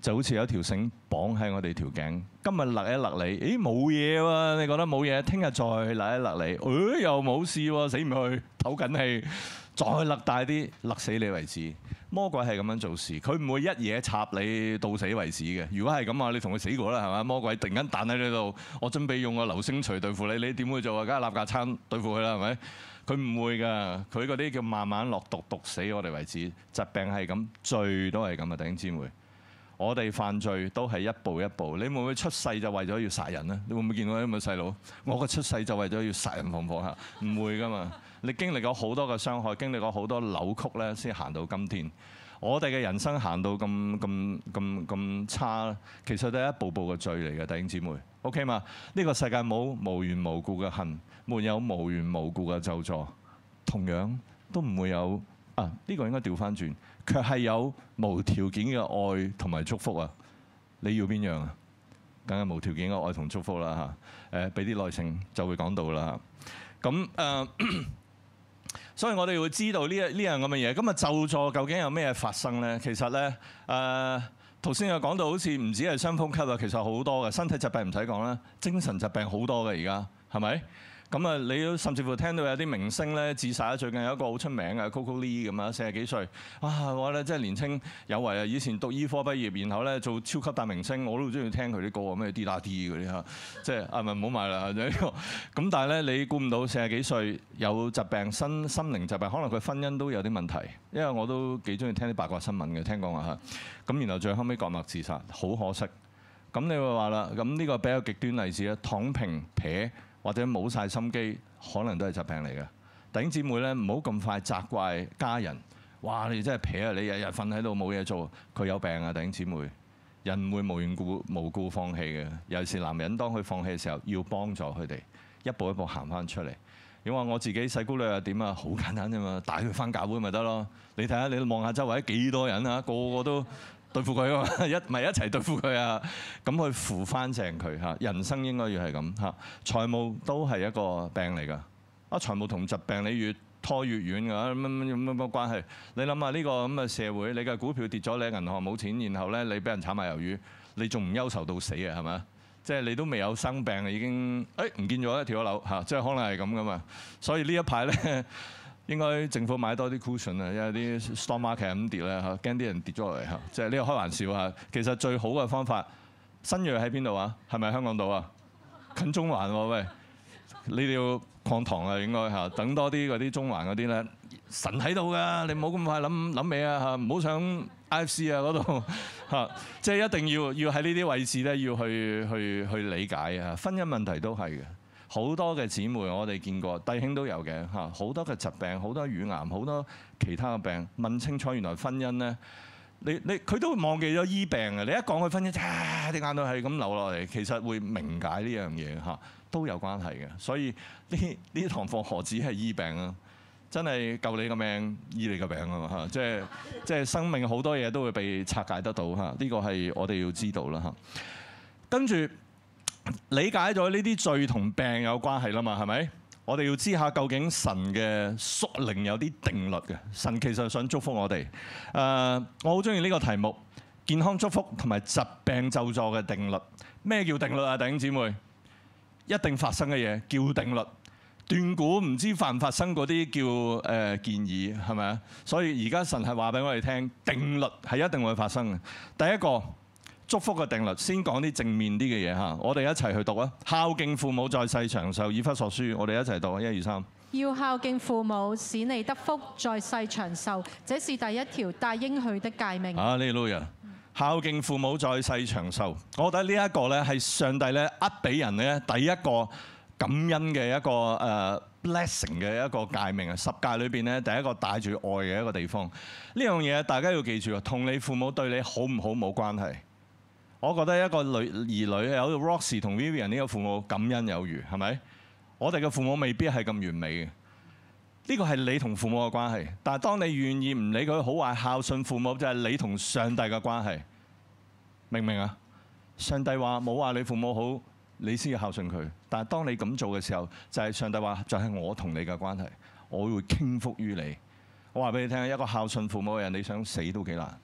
就好似有條繩綁喺我哋條頸，今日勒一勒你，誒冇嘢喎，你覺得冇嘢，聽日再勒一勒你，誒又冇事喎，死唔去，唞緊氣，再勒大啲，勒死你為止。魔鬼係咁樣做事，佢唔會一嘢插你到死為止嘅。如果係咁啊，你同佢死過啦，係咪？魔鬼突然間彈喺你度，我準備用個流星錘對付你，你點會做啊？梗係立架撐對付佢啦，係咪？佢唔會㗎，佢嗰啲叫慢慢落毒，毒死我哋為止。疾病係咁，罪都係咁啊，弟兄姊妹。我哋犯罪都係一步一步，你會會。你會唔會出世就為咗要殺人咧？你會唔會見到啲咁嘅細佬？我個出世就為咗要殺人放火嚇，唔會噶嘛。你經歷過好多嘅傷害，經歷過好多扭曲咧，先行到今天。我哋嘅人生行到咁咁咁差，其實都係一步步嘅罪嚟嘅，弟兄姊妹。OK 嘛？呢個世界冇無緣無故嘅恨，沒有無緣無故嘅救助，同樣都唔會有。啊，呢個應該調翻轉。卻係有無條件嘅愛同埋祝福啊！你要邊樣啊？梗係無條件嘅愛同祝福啦嚇！誒，俾啲耐性就會講到啦咁誒，所以我哋會知道呢一呢樣咁嘅嘢。咁啊，咒詛究竟有咩發生咧？其實咧，誒、呃，頭先有講到好似唔止係傷風咳啊，其實好多嘅身體疾病唔使講啦，精神疾病好多嘅而家係咪？是不是？咁啊，你都甚至乎聽到有啲明星咧自殺啊！最近有一個好出名嘅 Coco Lee 咁啊，四十幾歲，哇、啊！我咧即係年青有為啊！以前讀醫科畢業，然後咧做超級大明星，我都好中意聽佢啲歌滴滴的 即啊，咩 D 打 D 嗰啲嚇，即係啊唔唔好買啦，就呢個。咁但係咧，你估唔到四十幾歲有疾病、身心靈疾病，可能佢婚姻都有啲問題，因為我都幾中意聽啲八卦新聞嘅，聽講話嚇。咁然後最後尾割脈自殺，好可惜。咁你會話啦，咁呢個比較極端例子啊，躺平撇。或者冇晒心機，可能都係疾病嚟嘅。弟兄姊妹咧，唔好咁快責怪家人。哇！你真係皮啊！你日日瞓喺度冇嘢做，佢有病啊！弟兄姊妹，人唔會無緣故無故放棄嘅。尤其是男人，當佢放棄嘅時候，要幫助佢哋一步一步行翻出嚟。你話我自己細姑娘又點啊？好簡單啫嘛，帶佢翻教會咪得咯。你睇下，你望下周圍幾多人啊？個個都～對付佢啊嘛，一係一齊對付佢啊，咁去扶翻正佢吓。人生應該要係咁吓，財務都係一個病嚟噶。啊，財務同疾病你越拖越遠㗎，乜乜乜乜咁嘅關係。你諗下呢個咁嘅社會，你嘅股票跌咗，你銀行冇錢，然後咧你俾人炒埋魷魚，你仲唔憂愁到死啊？係咪即係你都未有生病已經，誒、哎、唔見咗啦，跳咗樓即係、就是、可能係咁㗎嘛。所以呢一排咧。應該政府買多啲 cushion 啊，因為啲 stock market 咁跌啦，嚇，驚啲人跌咗落嚟嚇。即係呢個開玩笑嚇。其實最好嘅方法，新銳喺邊度啊？係咪香港島啊？近中環喎，喂！你哋要抗糖啊，應該嚇。等多啲嗰啲中環嗰啲咧，神喺度㗎。你唔好咁快諗諗尾啊嚇，唔好上 IFC 啊嗰度嚇。即係 一定要要喺呢啲位置咧，要去去去理解啊。婚姻問題都係嘅。好多嘅姊妹我哋見過，弟兄都有嘅嚇，好多嘅疾病，好多乳癌，好多其他嘅病。問清楚原來婚姻咧，你你佢都會忘記咗醫病嘅。你一講佢婚姻，嚓、啊、啲眼淚係咁流落嚟，其實會明解呢樣嘢嚇，都有關係嘅。所以呢呢堂課何止係醫病啊？真係救你個命，醫你個病啊嘛嚇，即係即係生命好多嘢都會被拆解得到嚇。呢、這個係我哋要知道啦嚇。跟住。理解咗呢啲罪同病有關係啦嘛，係咪？我哋要知下究竟神嘅屬靈有啲定律嘅。神其實想祝福我哋。誒，我好中意呢個題目：健康祝福同埋疾病咒詛嘅定律。咩叫定律啊？弟兄姊妹，一定發生嘅嘢叫定律。斷估唔知發唔發生嗰啲叫誒建議，係咪啊？所以而家神係話俾我哋聽，定律係一定會發生嘅。第一個。祝福嘅定律先講啲正面啲嘅嘢嚇，我哋一齊去讀啊！孝敬父母，在世長壽。以弗所書，我哋一齊讀啊！一二三，要孝敬父母，使你得福，在世長壽。這是第一條帶應許的誡命啊！呢位老孝敬父母，在世長壽。我覺得呢一個咧係上帝咧，呃俾人咧第一個感恩嘅一個誒 blessing 嘅一個誡命啊！十誡裏邊咧第一個帶住愛嘅一個地方。呢樣嘢大家要記住啊，同你父母對你好唔好冇關係。我覺得一個兒女有 Roxie 同 Vivian 呢個父母感恩有餘，係咪？我哋嘅父母未必係咁完美嘅。呢個係你同父母嘅關係，但係當你願意唔理佢好壞孝順父母，就係你同上帝嘅關係。明唔明啊？上帝話冇話你父母好，你先要孝順佢。但係當你咁做嘅時候，就係、是、上帝話就係、是、我同你嘅關係，我會傾覆於你。我話俾你聽，一個孝順父母嘅人，你想死都幾難，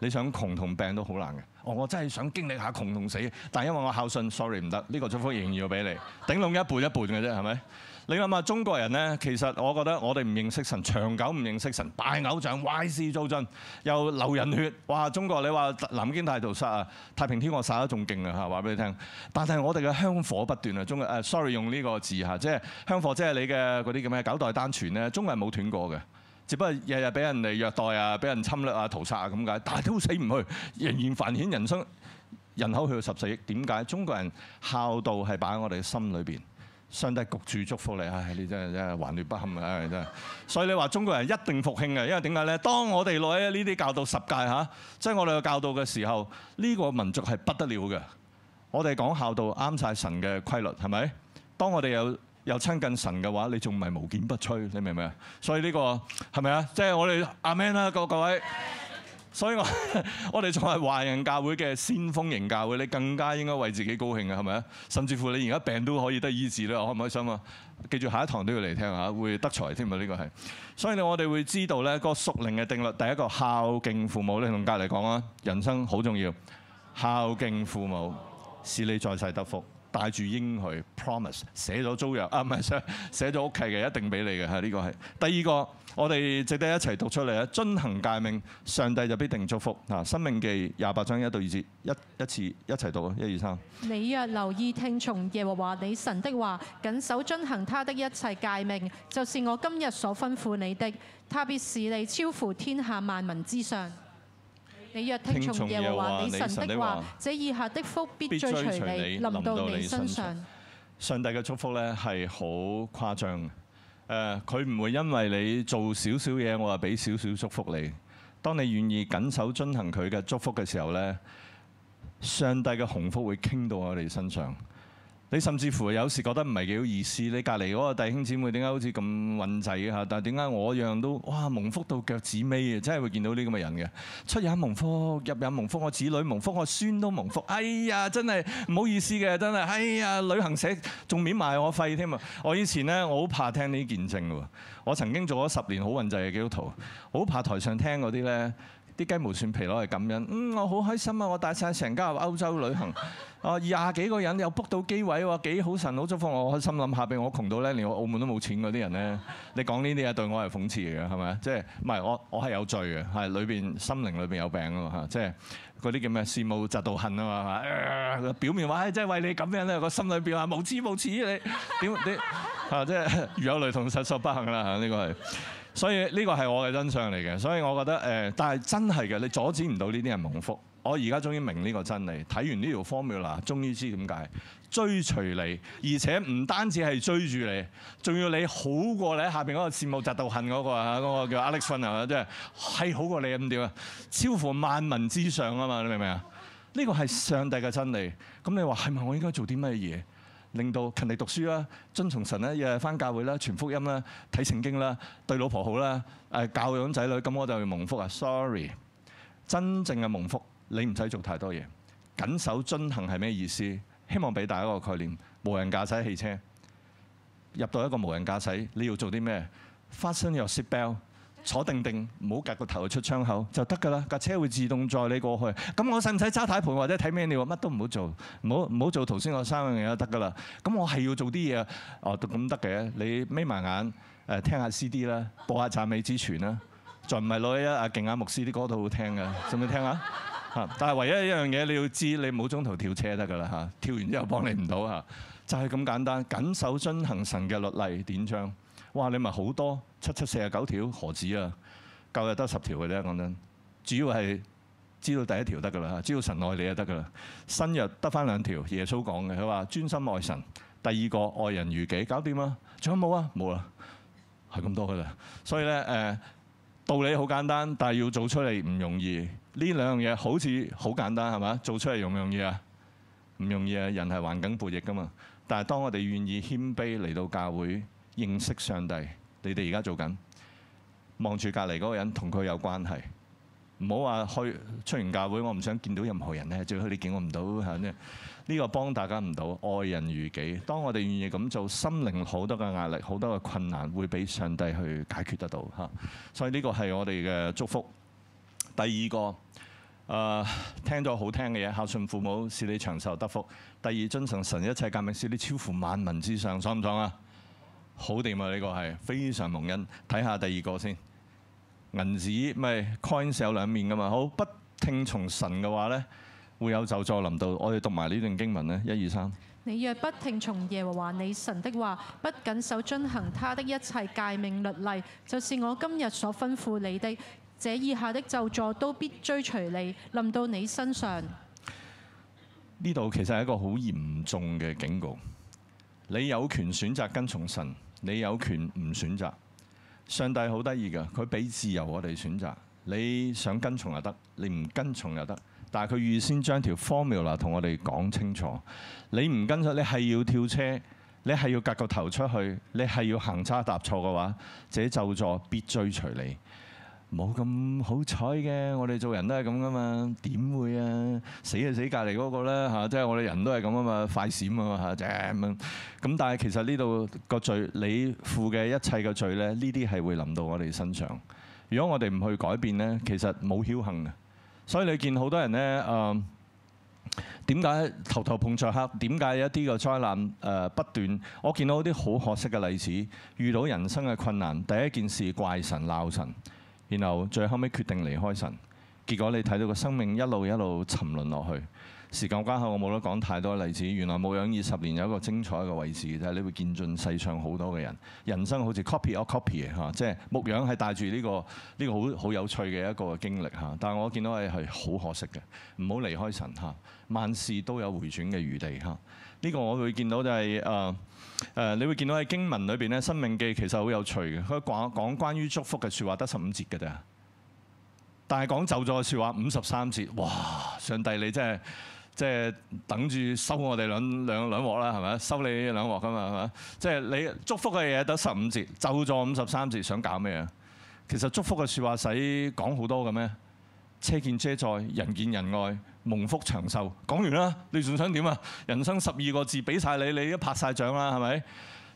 你想窮同病都好難嘅。我我真係想經歷下窮同死，但係因為我孝順，sorry 唔得，呢個祝福仍然要俾你，頂籠一半一半嘅啫，係咪？你諗下中國人呢？其實我覺得我哋唔認識神，長久唔認識神，拜偶像，壞事做盡，又流人血。哇！中國你話南京大屠殺啊，太平天國殺得仲勁啊，嚇話俾你聽。但係我哋嘅香火不斷啊，中誒 sorry 用呢個字嚇，即係香火即係你嘅嗰啲叫咩？九代單傳咧，中國人冇斷過嘅。只不過日日俾人哋虐待啊，俾人侵略啊、屠殺啊咁解，但係都死唔去，仍然繁衍人生人口去到十四億。點解？中國人孝道係擺喺我哋心裏邊，上帝焗住祝福你。唉，你真係真係頑劣不堪啊！唉，真係。所以你話中國人一定復興嘅，因為點解咧？當我哋落喺呢啲教導十界嚇，即係我哋嘅教導嘅時候，呢個民族係不得了嘅。我哋講孝道啱晒神嘅規律，係咪？當我哋有，又親近神嘅話，你仲唔係無堅不摧？你明唔明啊？所以呢、這個係咪啊？即係、就是、我哋阿 Man 啦，各各位，所以我我哋仲係華人教會嘅先鋒型教會，你更加應該為自己高興啊？係咪啊？甚至乎你而家病都可以得醫治啦，開唔開心啊？記住下一堂都要嚟聽下，會得財添嘛？呢、這個係，所以呢，我哋會知道咧個屬靈嘅定律。第一個孝敬父母，你同隔籬講啊，人生好重要。孝敬父母，使你在世得福。帶住應許 promise 寫咗租約啊，唔係寫咗屋企嘅一定俾你嘅嚇，呢、這個係第二個，我哋值得一齊讀出嚟啊！遵行誡命，上帝就必定祝福嚇。申命記廿八章一到二節，一一次一齊讀啊！一二三，你若留意聽從耶和華你神的話，緊守遵行他的一切誡命，就是我今日所吩咐你的，他必使你超乎天下萬民之上。你若聽從耶和華你神的話，這以下的福必追隨你臨到你身上。上帝嘅祝福咧係好誇張嘅，佢、呃、唔會因為你做少少嘢，我話俾少少祝福你。當你願意緊守遵行佢嘅祝福嘅時候咧，上帝嘅鴻福會傾到我哋身上。你甚至乎有時覺得唔係幾好意思，你隔離嗰個弟兄姊妹點解好似咁運滯嘅嚇？但係點解我一樣都哇蒙福到腳趾尾啊！真係會見到啲咁嘅人嘅出有蒙福，入有蒙福，我子女蒙福，我孫都蒙福。哎呀，真係唔好意思嘅，真係哎呀！旅行社仲免埋我費添啊！我以前咧我好怕聽啲見證喎，我曾經做咗十年好運滯嘅基督徒，好怕台上聽嗰啲咧。啲雞毛蒜皮攞嚟咁樣，嗯，我好開心啊！我帶晒成家入歐洲旅行，我廿幾個人又 book 到機位喎，幾好神，好祝福我，我開心諗下畀我窮到咧，連我澳門都冇錢嗰啲人咧，你講呢啲嘢對我係諷刺嘅，係咪即係唔係我我係有罪嘅，係裏邊心靈裏邊有病啊嘛！即係嗰啲叫咩羨慕嫉妒恨啊嘛嚇！表面話即真係為你咁樣咧，個心裏邊話無恥無恥你點你啊！即係如有雷同，實屬不幸啦嚇，呢個係。所以呢個係我嘅真相嚟嘅，所以我覺得誒、呃，但係真係嘅，你阻止唔到呢啲人蒙福。我而家終於明呢個真理，睇完呢條 formula 啦，終於知點解追隨你，而且唔單止係追住你，仲要你好過你喺下邊嗰個羨慕嫉妒恨嗰、那個嚇，嗰、那個叫 Alex，咪啊、就是？即係係好過你咁點啊？超乎萬民之上啊嘛！你明唔明啊？呢、這個係上帝嘅真理。咁你話係咪我應該做啲乜嘢？令到勤力讀書啦，遵從神咧，日日返教會啦，傳福音啦，睇聖經啦，對老婆好啦，誒、教養仔女，咁我就要蒙福啊。Sorry，真正嘅蒙福，你唔使做太多嘢，謹守遵行係咩意思？希望俾大家一個概念。無人駕駛汽車入到一個無人駕駛，你要做啲咩？Fasten your seatbelt 坐定定，唔好夾個頭出窗口就得㗎啦。架車會自動載你過去。咁我使唔使揸太盤或者睇咩啊？你話乜都唔好做，唔好唔好做頭先嗰三樣嘢都得㗎啦。咁我係要做啲嘢，哦，咁得嘅。你眯埋眼，誒，聽下 CD 啦，播下讚美之泉啦。仲唔係攞一阿勁阿牧師啲歌都好聽㗎，想唔想聽下？嚇！ 但係唯一一樣嘢你要知道，你唔好中途跳車得㗎啦嚇。跳完之後幫你唔到嚇， 就係咁簡單。緊守遵行神嘅律例典章？哇！你咪好多。七七四十九條何止啊？舊約得十條嘅啫，講真，主要係知道第一條得噶啦，知道神愛你就得噶啦。新約得返兩條，耶穌講嘅，佢話專心愛神，第二個愛人如己，搞掂啦！仲有冇啊？冇啦，係咁多噶啦。所以咧，誒、呃、道理好簡單，但係要做出嚟唔容易。呢兩樣嘢好似好簡單係嘛？做出嚟容唔容易啊？唔容易啊！人係環境附逆噶嘛。但係當我哋願意謙卑嚟到教會認識上帝。你哋而家做緊，望住隔離嗰個人，同佢有關係。唔好話去出完教會，我唔想見到任何人呢。最好你見我唔到，係咪？呢個幫大家唔到，愛人如己。當我哋願意咁做，心靈好多嘅壓力、好多嘅困難，會俾上帝去解決得到嚇。所以呢個係我哋嘅祝福。第二個，誒、呃、聽咗好聽嘅嘢，孝順父母，使你長壽得福。第二，遵承神，神一切誡命，使你超乎萬民之上，爽唔爽啊？好掂啊！呢、這個係非常蒙恩。睇下第二個先，銀紙咪 coin 有兩面噶嘛？好，不聽從神嘅話呢，會有咒詛臨到。我哋讀埋呢段經文呢：1, 2,「一、二、三。你若不聽從耶和華你神的話，不謹守遵行他的一切誡命律例，就是我今日所吩咐你的，這以下的咒詛都必追隨你臨到你身上。呢度其實係一個好嚴重嘅警告。你有權選擇跟從神，你有權唔選擇。上帝好得意㗎，佢俾自由我哋選擇。你想跟從又得，你唔跟從又得。但係佢預先將條 formula 同我哋講清楚：你唔跟從，你係要跳車，你係要隔個頭出去，你係要行差踏錯嘅話，這咒詛必追隨你。冇咁好彩嘅，我哋做人都係咁噶嘛，點會啊？死就死，隔離嗰個咧嚇，即係我哋人都係咁啊嘛，快閃啊嘛嚇，就係咁樣咁。但係其實呢度個罪，你負嘅一切嘅罪呢，呢啲係會臨到我哋身上。如果我哋唔去改變呢，其實冇僥幸嘅。所以你見好多人呢，誒點解頭頭碰着黑？點解一啲嘅災難誒不斷？我見到啲好可惜嘅例子，遇到人生嘅困難，第一件事怪神鬧神。然後最後尾決定離開神，結果你睇到個生命一路一路沉淪落去。時間關係，我冇得講太多例子。原來牧養二十年有一個精彩嘅位置，就係、是、你會見盡世上好多嘅人。人生好似 copy or copy 嚇、這個，即係牧養係帶住呢個呢個好好有趣嘅一個經歷嚇。但係我見到係好可惜嘅，唔好離開神嚇。萬事都有回轉嘅餘地嚇。呢、這個我會見到就係、是、誒。呃誒，你會見到喺經文裏邊咧，申命記其實好有趣嘅。佢講講關於祝福嘅説話得十五節嘅啫，但係講咒詛嘅説話五十三節。哇！上帝你真係，即係等住收我哋兩兩兩鑊啦，係咪？收你兩鑊㗎嘛，係咪？即係你祝福嘅嘢得十五節，咒詛五十三節，想搞咩啊？其實祝福嘅説話使講好多嘅咩？車見車載，人見人愛，蒙福長壽。講完啦，你仲想點啊？人生十二個字，俾晒你，你都拍晒掌啦，係咪？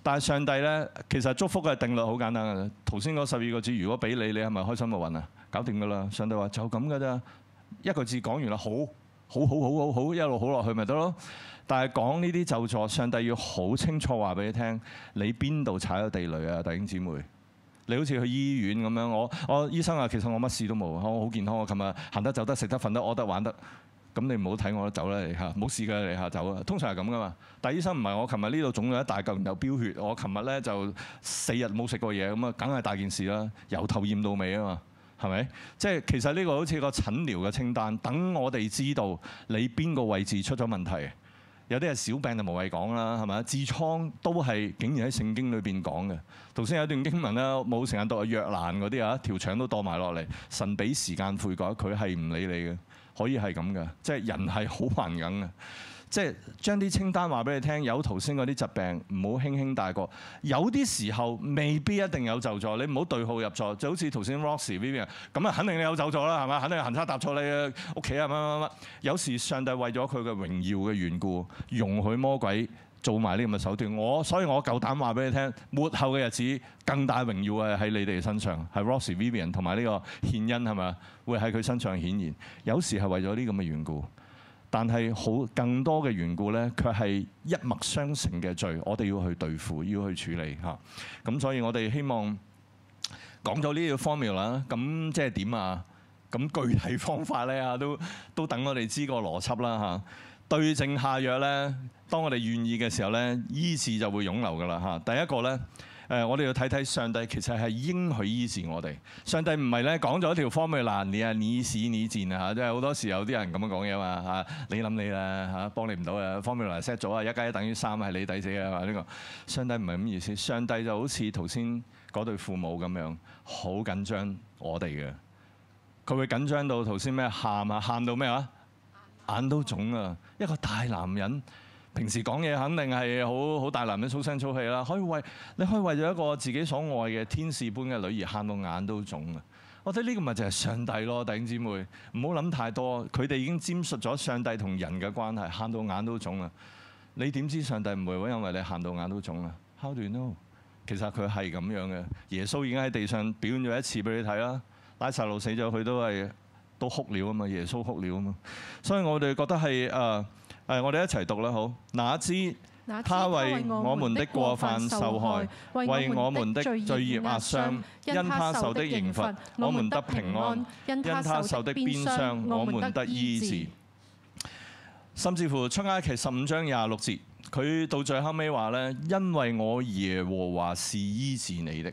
但係上帝呢，其實祝福嘅定律好簡單嘅。頭先嗰十二個字，如果俾你，你係咪開心到暈啊？搞掂㗎啦！上帝話就咁㗎咋，一個字講完啦，好好好好好好一路好落去咪得咯。但係講呢啲咒詛，上帝要好清楚話俾你聽，你邊度踩咗地雷啊，弟兄姊妹？你好似去醫院咁樣，我我醫生話其實我乜事都冇，我好健康。我琴日行得走得食得瞓得屙得玩得，咁你唔好睇我都走啦，你嚇冇事㗎，你嚇走啦。通常係咁噶嘛，但醫生唔係我。琴日呢度腫咗一大嚿，有飆血。我琴日咧就四日冇食過嘢，咁啊梗係大件事啦，由頭驗到尾啊嘛，係咪？即係其實呢個好似個診療嘅清單，等我哋知道你邊個位置出咗問題。有啲係小病就無謂講啦，係咪？痔瘡都係竟然喺聖經裏邊講嘅。頭先有一段經文啦，冇時間度啊，約蘭嗰啲啊，條腸都墮埋落嚟。神俾時間悔改，佢係唔理你嘅，可以係咁嘅，即係人係好頑梗嘅。即係將啲清單話俾你聽，有頭先嗰啲疾病，唔好輕輕帶過。有啲時候未必一定有就助，你唔好對號入座。就好似頭先 Rossi Vivian，咁啊肯定你有走咗啦，係咪？肯定行差踏錯你嘅屋企啊乜乜乜。有時上帝為咗佢嘅榮耀嘅緣故，容許魔鬼做埋呢咁嘅手段。我所以我夠膽話俾你聽，末後嘅日子更大榮耀係喺你哋身上，係 Rossi Vivian 同埋呢個憲恩係咪？會喺佢身上顯現。有時係為咗呢咁嘅緣故。但係好更多嘅緣故呢，佢係一脈相承嘅罪，我哋要去對付，要去處理嚇。咁所以我哋希望講咗呢個 formula 啦，咁即係點啊？咁具體方法呢，啊，都都等我哋知個邏輯啦嚇。對症下藥呢，當我哋願意嘅時候呢，醫治就會湧流噶啦嚇。第一個呢。誒，我哋要睇睇上帝其實係應許醫治我哋。上帝唔係咧，講咗一條方美蘭你啊，你屎你賤啊嚇！即係好多時有啲人咁樣講嘢嘛嚇，你諗你啦嚇，幫你唔到啊。方美蘭 set 咗啊，一加一等於三係你抵死嘅嘛呢個。上帝唔係咁意思，上帝就好似頭先嗰對父母咁樣，好緊張我哋嘅。佢會緊張剛才到頭先咩喊啊？喊到咩嚇？眼都腫啊！一個大男人。平時講嘢肯定係好好大男人粗聲粗氣啦，可以為你可以為咗一個自己所愛嘅天使般嘅女兒喊到眼都腫啊！我睇呢個咪就係上帝咯，弟兄姊妹唔好諗太多，佢哋已經沾述咗上帝同人嘅關係，喊到眼都腫啊！你點知上帝唔會因為你喊到眼都腫啊？How do you know？其實佢係咁樣嘅，耶穌已經喺地上表演咗一次俾你睇啦。拉撒路死咗，佢都係都哭了啊嘛，耶穌哭了啊嘛，所以我哋覺得係誒。呃誒，我哋一齊讀啦，好。哪知他為我們的過犯受害，為我們的罪孽壓傷，因他受的刑罰，我們得平安；因他受的鞭傷，我們得醫治。甚至乎出埃及十五章廿六節，佢到最後尾話咧：因為我耶和華是醫治你的。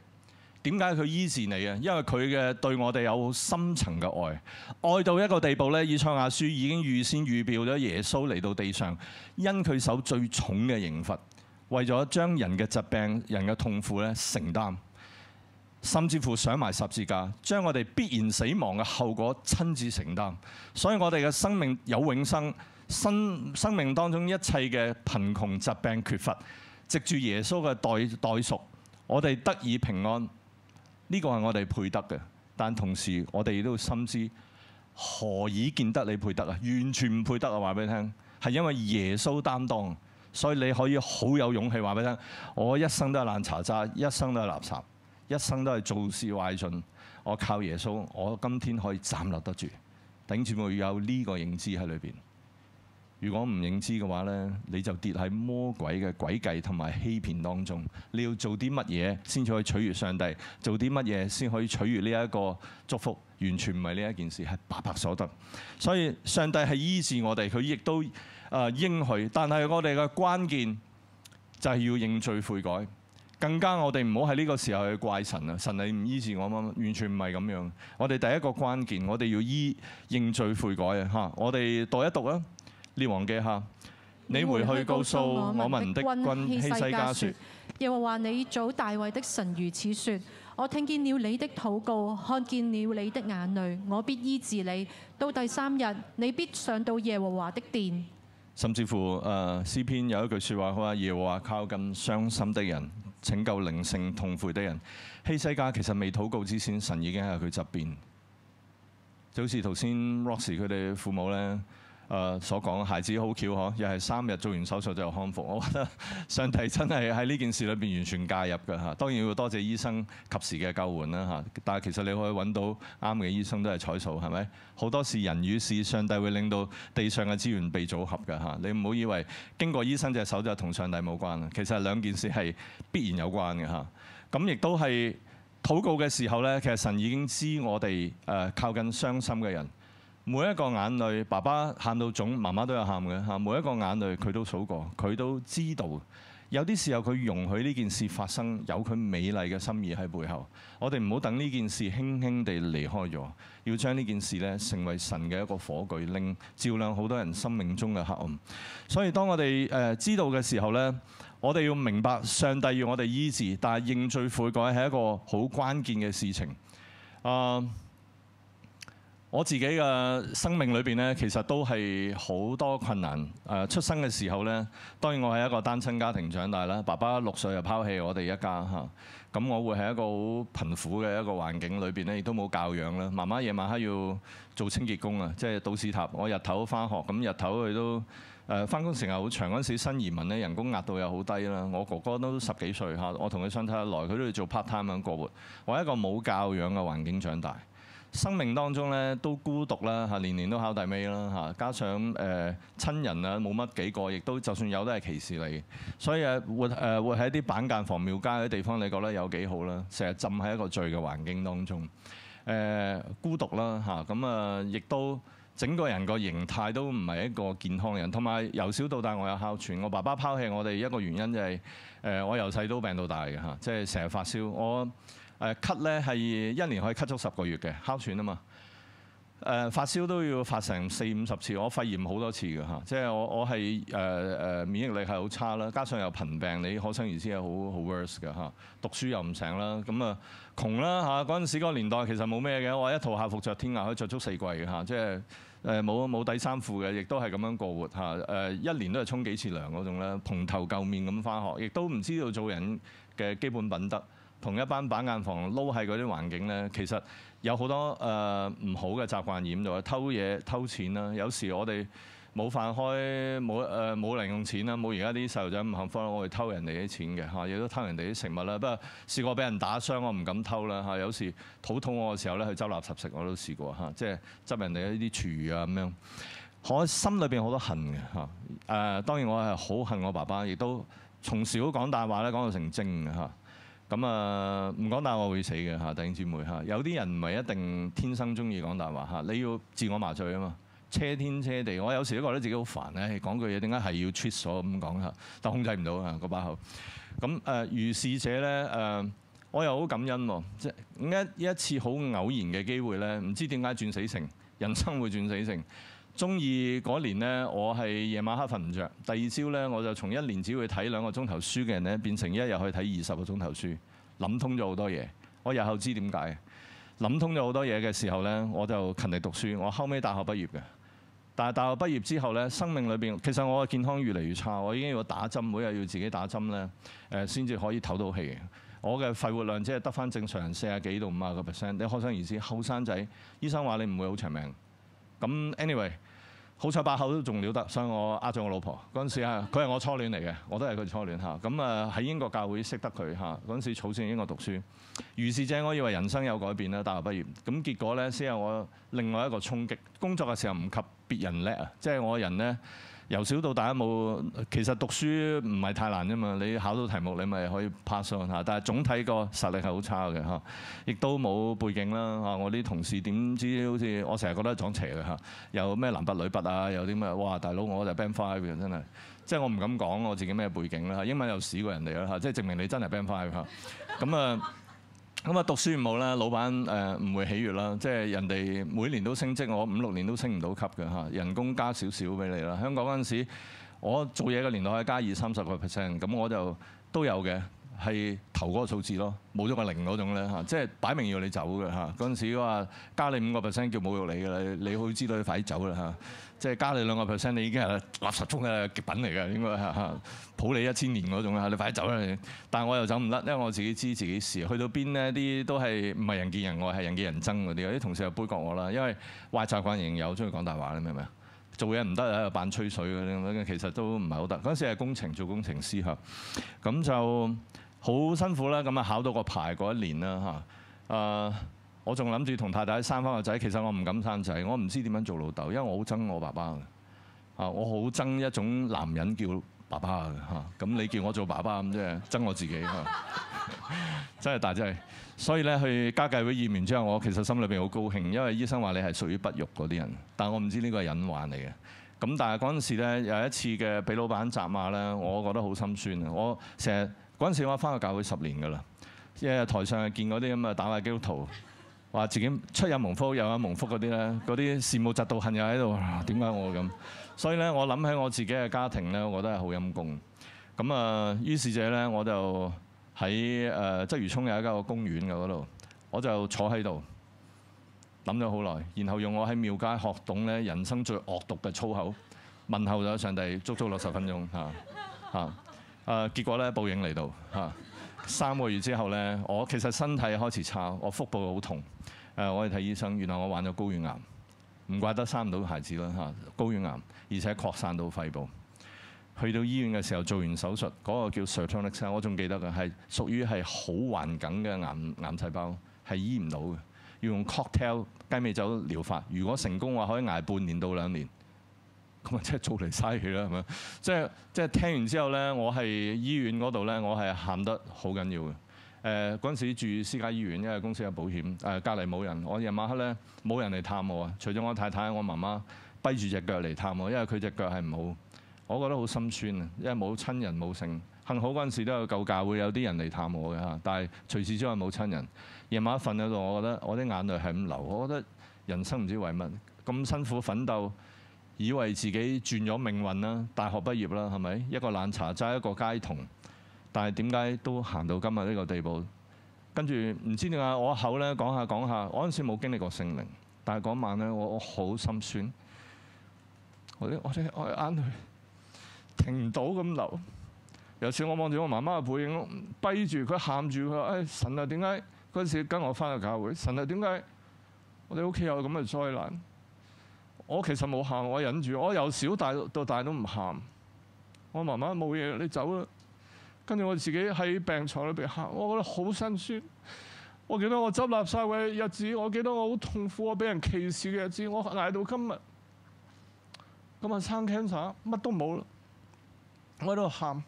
點解佢醫治你啊？因為佢嘅對我哋有深層嘅愛，愛到一個地步咧，以賽亞書已經預先預表咗耶穌嚟到地上，因佢受最重嘅刑罰，為咗將人嘅疾病、人嘅痛苦咧承擔，甚至乎上埋十字架，將我哋必然死亡嘅後果親自承擔。所以我哋嘅生命有永生，生生命當中一切嘅貧窮、疾病、缺乏，藉住耶穌嘅代代贖，我哋得以平安。呢個係我哋配得嘅，但同時我哋亦都深知何以見得你配得啊？完全唔配得啊！話俾你聽，係因為耶穌擔當，所以你可以好有勇氣話俾你聽：我一生都係爛茶渣，一生都係垃圾，一生都係做事壞盡。我靠耶穌，我今天可以站立得住，頂住冇有呢個認知喺裏邊。如果唔認知嘅話呢，你就跌喺魔鬼嘅詭計同埋欺騙當中。你要做啲乜嘢先至可以取悅上帝？做啲乜嘢先可以取悅呢一個祝福？完全唔係呢一件事，係白白所得。所以上帝係醫治我哋，佢亦都誒應許。但係我哋嘅關鍵就係要認罪悔改。更加我哋唔好喺呢個時候去怪神啊！神，你唔醫治我乜乜，完全唔係咁樣。我哋第一個關鍵，我哋要依認罪悔改啊！嚇，我哋讀一讀啊！列王記下，你回去告訴我民的君希西家說：耶和華你祖大衛的神如此說：我聽見了你的禱告，看見了你的眼淚，我必醫治你。到第三日，你必上到耶和華的殿。甚至乎，誒、呃，詩篇有一句說話，佢話：耶和華靠近傷心的人，拯救靈性痛悔的人。希西家其實未禱告之前，神已經喺佢側邊，就好似頭先 Roxy 佢哋父母咧。誒，所講，孩子好巧嗬，又係三日做完手術就康復，我覺得上帝真係喺呢件事裏面完全介入㗎嚇。當然要多謝醫生及時嘅救援啦嚇。但係其實你可以揾到啱嘅醫生都係彩數，係咪？好多時人與事，上帝會令到地上嘅資源被組合㗎嚇。你唔好以為經過醫生隻手就同上帝冇關啦。其實兩件事係必然有關嘅嚇。咁亦都係禱告嘅時候呢，其實神已經知我哋誒靠近傷心嘅人。每一個眼淚，爸爸喊到腫，媽媽都有喊嘅嚇。每一個眼淚，佢都數過，佢都知道。有啲時候，佢容許呢件事發生，有佢美麗嘅心意喺背後。我哋唔好等呢件事輕輕地離開咗，要將呢件事咧成為神嘅一個火炬，令照亮好多人生命中嘅黑暗。所以，當我哋誒知道嘅時候呢，我哋要明白上帝要我哋醫治，但係認罪悔改係一個好關鍵嘅事情。啊、uh！我自己嘅生命裏邊呢，其實都係好多困難。誒出生嘅時候呢，當然我係一個單親家庭長大啦。爸爸六歲就拋棄我哋一家嚇，咁我會喺一個好貧苦嘅一個環境裏邊呢，亦都冇教養啦。媽媽夜晚黑要做清潔工啊，即係倒屎塔。我日頭翻學，咁日頭佢都誒翻工時間好長，嗰陣時，新移民呢人工壓度又好低啦。我哥哥都十幾歲嚇，我同佢相睇得來，佢都要做 part time 咁過活。我喺一個冇教養嘅環境長大。生命當中咧都孤獨啦嚇，年年都考第尾啦嚇，加上誒、呃、親人啊冇乜幾個，亦都就算有都係歧視你，所以、呃、活誒活喺啲板間房廟街嘅地方，你覺得有幾好啦？成日浸喺一個罪嘅環境當中，誒、呃、孤獨啦嚇，咁啊亦都整個人個形態都唔係一個健康人，同埋由小到大我有哮喘，我爸爸拋棄我哋一個原因就係誒我由細都病到大嘅嚇，即係成日發燒，我。誒咳咧係一年可以咳足十個月嘅哮喘啊嘛！誒、呃、發燒都要發成四五十次，我肺炎好多次㗎吓，即係我我係誒誒免疫力係好差啦，加上又頻病，你可想而知係好好 worse 嘅嚇。讀書又唔成啦，咁啊窮啦嚇。嗰陣時嗰個年代其實冇咩嘅，我一套校服着天涯可以着足四季㗎吓，即係誒冇冇底衫褲嘅，亦都係咁樣過活嚇。誒一年都係沖幾次涼嗰種咧，蓬頭垢面咁返學，亦都唔知道做人嘅基本品德。同一班板間房撈喺嗰啲環境咧，其實有好多誒唔好嘅習慣染到啊，偷嘢偷錢啦。有時我哋冇飯開，冇誒冇零用錢啦，冇而家啲細路仔咁幸福啦，我哋偷人哋啲錢嘅嚇，亦都偷人哋啲食物啦。不過試過俾人打傷，我唔敢偷啦嚇。有時肚餓我嘅時候咧，去執垃圾食我都試過嚇，即係執人哋一啲廚餘啊咁樣。我心裏邊好多恨嘅嚇誒，當然我係好恨我爸爸，亦都從小講大話咧，講到成精嘅。咁啊，唔講大話會死嘅嚇，弟兄姊妹嚇。有啲人唔係一定天生中意講大話嚇，你要自我麻醉啊嘛。車天車地，我有時都覺得自己好煩咧，講、哎、句嘢點解係要出所咁講下，但控制唔到啊個把口。咁誒如是者咧誒、呃，我又好感恩喎，即一一次好偶然嘅機會咧，唔知點解轉死性，人生會轉死性。中二嗰年呢，我係夜晚黑瞓唔着。第二朝呢，我就從一年只會睇兩個鐘頭書嘅人呢，變成一日去睇二十個鐘頭書，諗通咗好多嘢。我日後知點解？諗通咗好多嘢嘅時候呢，我就勤力讀書。我後尾大學畢業嘅，但係大學畢業之後呢，生命裏邊其實我嘅健康越嚟越差，我已經要打針，每日要自己打針呢，誒先至可以唞到氣。我嘅肺活量只係得翻正常四十幾到五啊個 percent。你可想而知，後生仔醫生話你唔會好長命。咁 anyway。好彩八口都仲了得，所以我呃咗我老婆嗰陣時啊，佢係我初戀嚟嘅，我都係佢初戀嚇。咁啊喺英國教會識得佢嚇，嗰陣時儲錢英國讀書，如是者，我以為人生有改變啦，大學畢業咁結果呢，先有我另外一個衝擊，工作嘅時候唔及別人叻啊，即係我人呢。由小到大都冇，其實讀書唔係太難啫嘛。你考到題目你咪可以 pass on 下。但係總體個實力係好差嘅呵，亦都冇背景啦嚇。我啲同事點知好似我成日覺得撞邪嘅嚇，有咩男拔女拔啊，有啲咩，哇大佬，我就係 band five 嘅真係，即係我唔敢講我自己咩背景啦。英文又屎過人哋啦嚇，即係證明你真係 band five 嚇。咁啊～咁啊，讀書唔好啦，老闆誒唔會喜悅啦，即係人哋每年都升職，我五六年都升唔到級嘅吓，人工加少少俾你啦。香港嗰陣時，我做嘢嘅年代可以加二三十個 percent，咁我就都有嘅。係頭嗰個數字咯，冇咗個零嗰種咧嚇，即係擺明要你走嘅嚇。嗰陣時話加你五個 percent 叫侮辱你嘅，你你好知道你快啲走啦嚇。即係加你兩個 percent，你已經係垃圾中嘅極品嚟嘅，應該嚇嚇，保你一千年嗰種嚇，你快啲走啦。但係我又走唔甩，因為我自己知自己事。去到邊呢，啲都係唔係人見人愛，係人見人憎嗰啲。啲同事又杯葛我啦，因為壞習慣仍有，中意講大話，你明唔明？做嘢唔得啊，扮吹水，其實都唔係好得。嗰陣時係工程做工程師嚇，咁就。好辛苦啦！咁啊，考到個牌嗰一年啦嚇。誒，我仲諗住同太太生翻個仔。其實我唔敢生仔，我唔知點樣做老豆，因為我好憎我爸爸嘅。我好憎一種男人叫爸爸。咁你叫我做爸爸咁，即係憎我自己 真係大劑。所以咧，去家計會驗完之後，我其實心裏邊好高興，因為醫生話你係屬於不育嗰啲人，但我唔知呢個係隱患嚟嘅。咁但係嗰陣時咧，有一次嘅俾老闆責罵咧，我覺得好心酸啊！我成日～嗰陣時，我翻去教會十年嘅啦，一日台上係見嗰啲咁啊打敗基督徒，話自己出又蒙福，入又蒙福嗰啲咧，嗰啲羨慕嫉妒恨又喺度，點解我咁？所以咧，我諗起我自己嘅家庭咧，我覺得係好陰功。咁啊，於是者咧，我就喺誒鰂魚湧有一間個公園嘅嗰度，我就坐喺度諗咗好耐，然後用我喺廟街學懂咧人生最惡毒嘅粗口問候咗上帝足足六十分鐘嚇嚇。 誒，結果咧，報應嚟到嚇，三個月之後咧，我其實身體開始差，我腹部好痛。誒，我去睇醫生，原來我患咗高遠癌，唔怪得生唔到孩子啦嚇。高遠癌而且擴散到肺部，去到醫院嘅時候做完手術，嗰個叫 s u r r o n i c 我仲記得嘅係屬於係好頑梗嘅癌癌細胞，係醫唔到嘅，要用 cocktail 雞尾酒療法。如果成功話，可以捱半年到兩年。咁啊，即係做嚟嘥氣啦，係咪？即係即係聽完之後咧，我喺醫院嗰度咧，我係喊得好緊要嘅。誒嗰陣時住私家醫院，因為公司有保險。誒、呃、隔離冇人，我夜晚黑咧冇人嚟探我啊。除咗我太太、我媽媽跛住隻腳嚟探我，因為佢隻腳係唔好。我覺得好心酸啊，因為冇親人冇性。幸好嗰陣時都有舊教會有啲人嚟探我嘅嚇，但係除此之外冇親人。夜晚一瞓喺度，我覺得我啲眼淚係咁流。我覺得人生唔知為乜咁辛苦奮鬥。以為自己轉咗命運啦，大學畢業啦，係咪一個爛茶渣一個街童，但係點解都行到今日呢個地步？跟住唔知點解，我口咧講下講下，我嗰陣時冇經歷過聖靈，但係嗰晚咧我我好心酸，我啲我啲我嘅眼淚停唔到咁流。有次我望住我媽媽嘅背影，我逼住佢喊住佢，哎神啊，點解嗰陣時跟我翻去教會？神啊，點解我哋屋企有咁嘅災難？我其實冇喊，我忍住。我由小大到大都唔喊。我媽媽冇嘢，你走啦。跟住我自己喺病床裏邊喊，我覺得好辛酸。我記得我執垃圾嘅日子，我記得我好痛苦，我俾人歧視嘅日子，我捱到今日。咁啊，生 cancer，乜都冇啦。我喺度喊，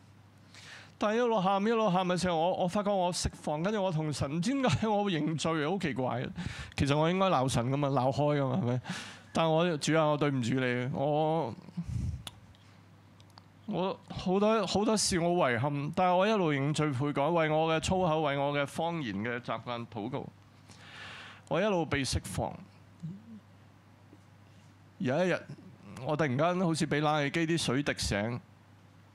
但係一路喊一路喊嘅時候我，我我發覺我釋放，跟住我同神唔知點解我認罪啊。好奇怪，其實我應該鬧神噶嘛，鬧開噶嘛，係咪？但我主啊，我對唔住你，我我好多好多事我遺憾，但係我一路認罪悔改，為我嘅粗口，為我嘅方言嘅習慣禱告，我一路被釋放。有一日，我突然間好似俾冷氣機啲水滴醒，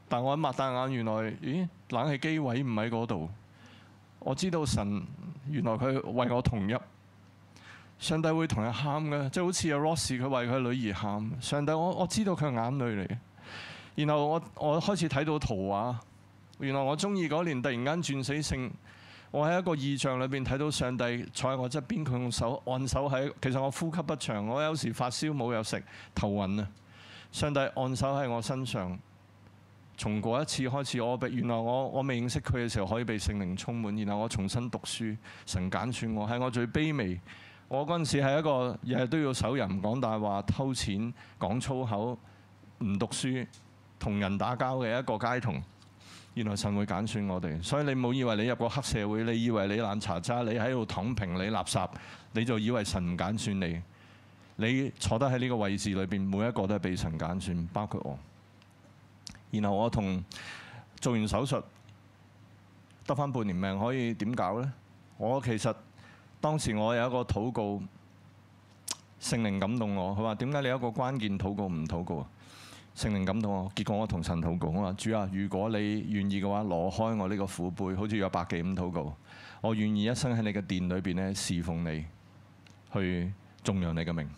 但我一擘大眼，原來咦冷氣機位唔喺嗰度，我知道神原來佢為我同一上帝會同佢喊嘅，即係好似阿 Rosie 佢為佢女兒喊。上帝我，我我知道佢係眼淚嚟嘅。然後我我開始睇到圖畫，原來我中二嗰年突然間轉死性，我喺一個異象裏邊睇到上帝坐喺我側邊，佢用手按手喺，其實我呼吸不暢，我有時發燒冇有食頭暈啊。上帝按手喺我身上，從嗰一次開始我，我原來我我未認識佢嘅時候可以被聖靈充滿。然後我重新讀書，神揀選我係我最卑微。我嗰陣時係一個日日都要手淫、講大話、偷錢、講粗口、唔讀書、同人打交嘅一個街童，原來神會揀選我哋。所以你冇以為你入過黑社會，你以為你懶查查，你喺度躺平，你垃圾，你就以為神唔揀選你。你坐得喺呢個位置裏邊，每一個都係被神揀選，包括我。然後我同做完手術得返半年命，可以點搞呢？我其實當時我有一個禱告，聖靈感動我，佢話點解你有一個關鍵禱告唔禱告？聖靈感動我，結果我同神禱告，我話主啊，如果你願意嘅話，攞開我呢個苦杯，好似有百幾咁禱告，我願意一生喺你嘅殿裏邊咧侍奉你，去頌揚你嘅名。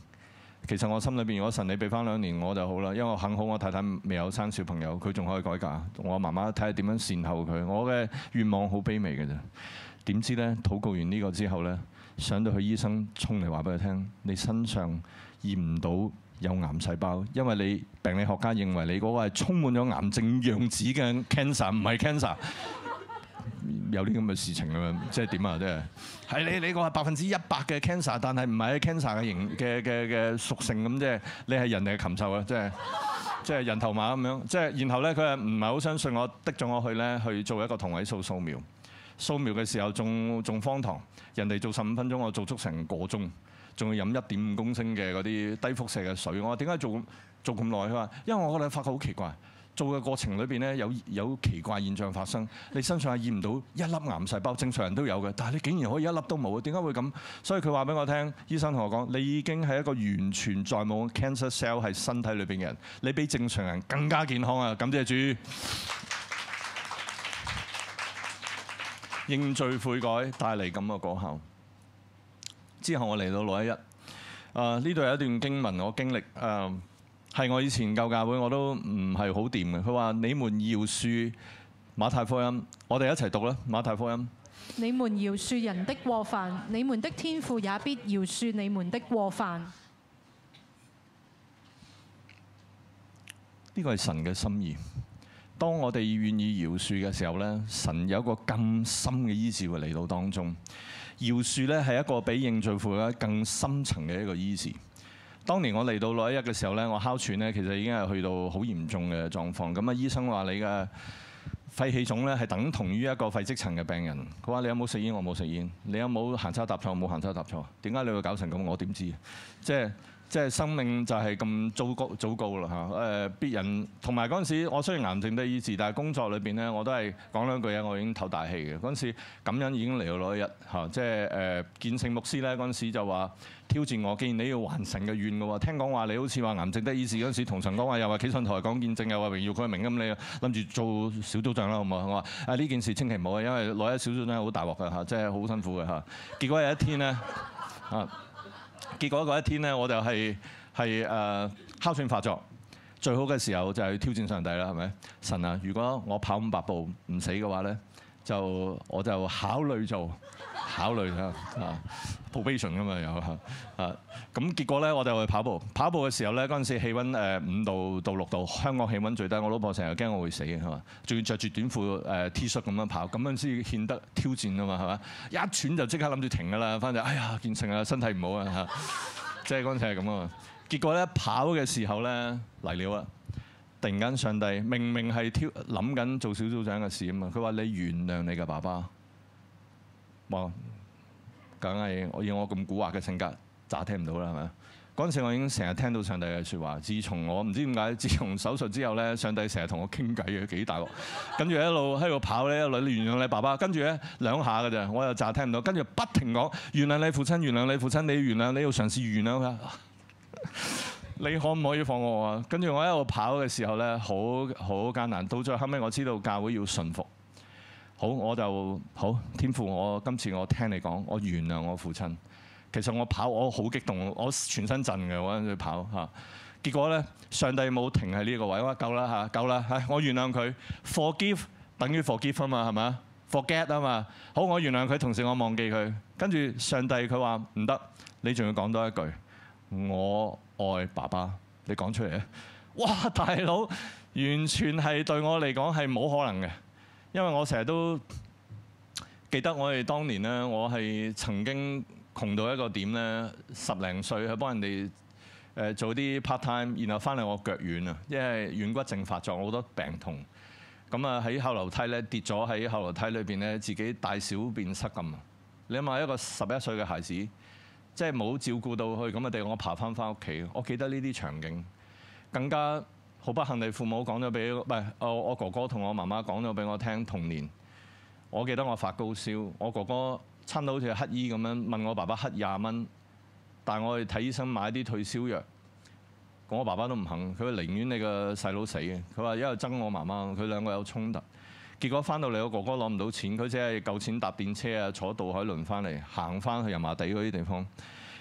其實我心裏邊，如果神你俾翻兩年我就好啦，因為幸好我太太未有生小朋友，佢仲可以改嫁，我媽媽睇下點樣善後佢。我嘅願望好卑微嘅啫。點知呢？禱告完呢個之後呢。上到去醫生衝嚟話俾佢聽：你身上驗唔到有癌細胞，因為你病理學家認為你嗰個係充滿咗癌症樣子嘅 cancer，唔係 cancer。癌症 有啲咁嘅事情咁樣啊，即係點啊？即係係你你個係百分之一百嘅 cancer，但係唔係喺 cancer 嘅型嘅嘅嘅屬性，咁即係你係人哋嘅禽獸啊？即係即係人頭馬咁樣。即係然後咧，佢係唔係好相信我？的咗我去咧去做一個同位素掃描。掃描嘅時候仲仲荒唐。人哋做十五分鐘，我做足成個鐘，仲要飲一點五公升嘅嗰啲低輻射嘅水。我話點解做做咁耐？佢話因為我覺得你發覺好奇怪，做嘅過程裏邊咧有有奇怪現象發生。你身上係驗唔到一粒癌細胞，正常人都有嘅，但係你竟然可以一粒都冇，點解會咁？所以佢話俾我聽，醫生同我講，你已經係一個完全在冇 cancer cell 喺身體裏邊嘅人，你比正常人更加健康啊！感謝主。認罪悔改帶嚟咁嘅果效。之後我嚟到六一一，啊呢度有一段經文我經歷，誒、呃、係我以前舊教會我都唔係好掂嘅。佢話你們要饒恕馬太福音，我哋一齊讀啦。馬太福音：你們要饒恕人的過犯，你們的天父也必饒恕你們的過犯。呢個係神嘅心意。當我哋願意饒恕嘅時候呢，神有一個更深嘅醫治會嚟到當中。饒恕呢係一個比認罪悔更深層嘅一個醫治。當年我嚟到611嘅時候呢，我哮喘呢，其實已經係去到好嚴重嘅狀況。咁啊，醫生話你嘅肺氣腫呢係等同於一個肺積塵嘅病人。佢話你有冇食煙？我冇食煙。你有冇行差踏錯？我冇行差踏錯。點解你會搞成咁？我點知？即係。即係生命就係咁糟糕、糟糕啦嚇，人同埋嗰時，我雖然癌症得醫治，但係工作裏面咧，我都係講兩句嘢，我已經唞大氣嘅嗰陣時，噉樣已經嚟到攞一日嚇，即係誒，見聖牧師咧嗰時就話挑戰我，既然你要還成嘅願嘅話，聽講話你好似話癌症得醫治，嗰陣時同常說，同神講話又話企上台講見證，又話榮耀佢嘅名咁， 你諗住做小組長啦，好唔好？我話啊呢件事千祈唔好啊，因為攞一小組咧好大鑊嘅嚇，即係好辛苦嘅嚇。結果有一天咧啊！ 結果嗰一天咧，我就係係誒哮喘發作。最好嘅時候就係挑戰上帝啦，係咪？神啊，如果我跑五百步唔死嘅話咧，就我就考慮做，考慮下啊！position 嘛有啊咁結果咧我哋去跑步，跑步嘅時候咧嗰陣時氣温誒五度到六度，香港氣温最低。我老婆成日驚我會死啊嘛，仲要着住短褲誒 T 恤咁樣跑，咁樣先顯得挑戰啊嘛係嘛，一喘就即刻諗住停㗎啦。反正哎呀見成日身體唔好啊嚇，即係乾脆係咁啊嘛。結果咧跑嘅時候咧嚟了啊！突然間上帝明明係挑諗緊做小組長嘅事啊嘛，佢話你原諒你嘅爸爸冇。梗係我以我咁古惑嘅性格，咋聽唔到啦，係咪啊？嗰陣時我已經成日聽到上帝嘅説話。自從我唔知點解，自從手術之後咧，上帝成日同我傾偈嘅幾大鑊。跟住一路喺度跑咧，一路原諒你爸爸。跟住咧兩下嘅啫，我又咋聽唔到。跟住不停講原諒你父親，原諒你父親，你原諒，你要嘗試原諒佢。你可唔可以放我啊？跟住我一路跑嘅時候咧，好好艱難。到最後尾，我知道教會要順服。好，我就好，天父，我今次我聽你講，我原諒我父親。其實我跑我好激動，我全身震嘅，我跑嚇、啊。結果呢，上帝冇停喺呢個位哇，夠啦嚇、啊，夠啦嚇，我原諒佢，forgive 等於 forgive 啊嘛，係咪，forget 啊嘛。好，我原諒佢，同時我忘記佢。跟住上帝佢話唔得，你仲要講多一句，我愛爸爸，你講出嚟。哇，大佬完全係對我嚟講係冇可能嘅。因為我成日都記得我哋當年呢，我係曾經窮到一個點呢，十零歲去幫人哋做啲 part time，然後翻嚟我腳軟啊，因為軟骨症發作，好多病痛。咁啊喺後樓梯呢跌咗喺後樓梯裏邊呢，自己大小便失禁。你諗下一個十一歲嘅孩子，即係冇照顧到佢，咁啊地我爬翻翻屋企。我記得呢啲場景，更加。好不幸你父母講咗俾，唔係我，我哥哥同我媽媽講咗俾我聽童年。我記得我發高燒，我哥哥親到好似乞衣咁樣問我爸爸乞廿蚊，帶我去睇醫生買啲退燒藥，我爸爸都唔肯。佢話寧願你個細佬死嘅。佢話因為憎我媽媽，佢兩個有衝突。結果翻到嚟，我哥哥攞唔到錢，佢只係夠錢搭電車啊，坐渡海輪翻嚟行翻去油麻地嗰啲地方。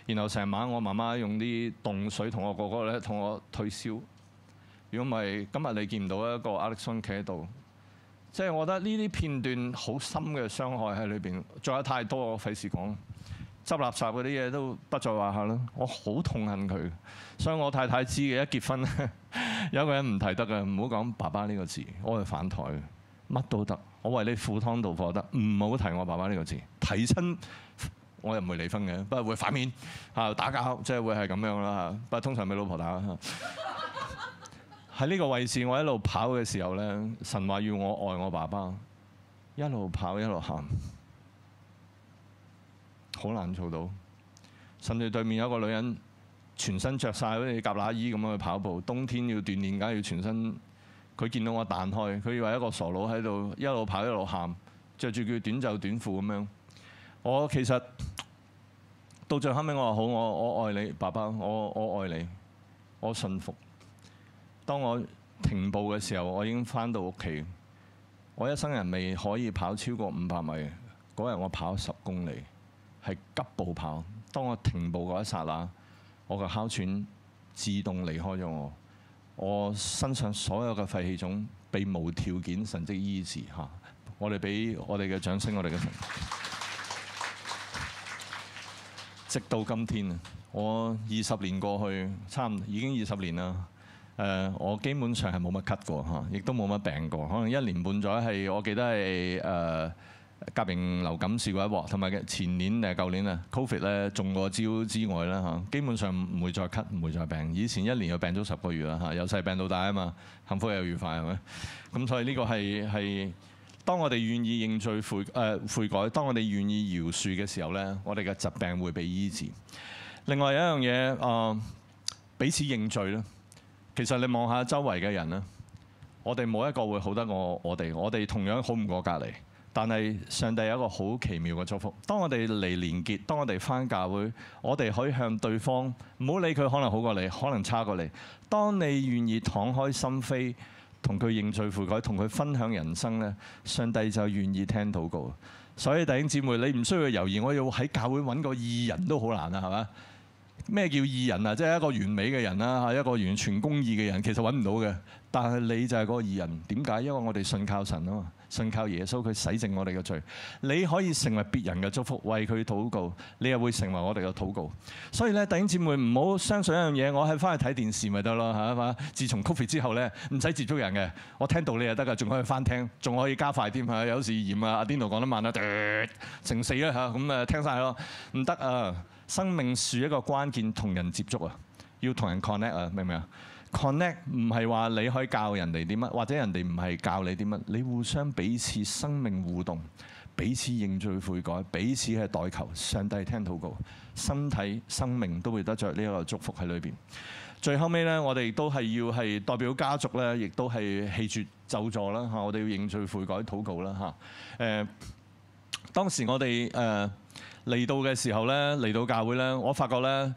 然後成晚我媽媽用啲凍水同我哥哥咧同我退燒。如果唔係今日你見唔到一個 Alex Wan 企喺度，即係我覺得呢啲片段好深嘅傷害喺裏邊，仲有太多我費事講，執垃圾嗰啲嘢都不再話下啦。我好痛恨佢，所以我太太知嘅。一結婚有一個人唔提得嘅，唔好講爸爸呢個字，我係反台，乜都得，我為你赴湯蹈火得，唔好提我爸爸呢個字。提親我又唔會離婚嘅，不過會反面嚇打交，即係會係咁樣啦嚇。不過通常俾老婆打。喺呢個位置，我一路跑嘅時候呢，神話要我愛我爸爸，一路跑一路喊，好難做到。甚至對面有個女人，全身着晒好似夾乸衣咁樣去跑步，冬天要鍛鍊，梗係要全身。佢見到我彈開，佢以為一個傻佬喺度，一路跑一路喊，着住佢短袖短褲咁樣。我其實到最後尾，我話好，我我愛你，爸爸，我我愛你，我信服。當我停步嘅時候，我已經返到屋企。我一生人未可以跑超過五百米，嗰日我跑十公里，係急步跑。當我停步嗰一剎那，我個哮喘自動離開咗我。我身上所有嘅肺氣腫被無條件神蹟醫治嚇。我哋俾我哋嘅掌聲，我哋嘅成。直到今天啊，我二十年過去，差唔多已經二十年啦。誒，我基本上係冇乜咳過嚇，亦都冇乜病過。可能一年半載係，我記得係誒甲型流感試過一鑊，同埋前年定係舊年啊，Covid 咧中過招之外咧嚇，基本上唔會再咳，唔會再病。以前一年又病咗十個月啦嚇，由細病到大啊嘛，幸福又愉快係咪？咁所以呢個係係當我哋願意認罪悔誒、呃、悔改，當我哋願意饒恕嘅時候咧，我哋嘅疾病會被醫治。另外一樣嘢誒，彼此認罪啦。其實你望下周圍嘅人啦，我哋冇一個會好得過我我哋，我哋同樣好唔過隔籬。但係上帝有一個好奇妙嘅祝福，當我哋嚟連結，當我哋返教會，我哋可以向對方，唔好理佢可能好過你，可能差過你。當你願意敞開心扉，同佢認罪悔改，同佢分享人生呢，上帝就願意聽禱告。所以弟兄姊妹，你唔需要去猶疑，我要喺教會揾個異人都好難啊，係嘛？咩叫義人啊？即係一個完美嘅人啦，一個完全公義嘅人，其實揾唔到嘅。但係你就係個義人，點解？因為我哋信靠神啊嘛，信靠耶穌佢洗淨我哋嘅罪。你可以成為別人嘅祝福，為佢禱告，你又會成為我哋嘅禱告。所以咧，弟兄姊妹，唔好相信一樣嘢，我係翻去睇電視咪得咯，嚇嘛！自從 Covid 之後咧，唔使接觸人嘅，我聽到你又得噶，仲可以翻聽，仲可以加快添，有時嫌啊，阿 Dino 講得慢啊、呃，成四啦嚇，咁啊聽晒咯，唔得啊！生命係一個關鍵同人接觸啊，要同人 connect 啊，明唔明啊？connect 唔係話你可以教人哋啲乜，或者人哋唔係教你啲乜，你互相彼此生命互動，彼此認罪悔改，彼此係代求上帝聽禱告，身體生命都會得着呢一個祝福喺裏邊。最後尾呢，我哋都係要係代表家族呢，亦都係棄絕咒詛啦嚇，我哋要認罪悔改禱告啦嚇，誒。當時我哋誒嚟到嘅時候咧，嚟到教會咧，我發覺咧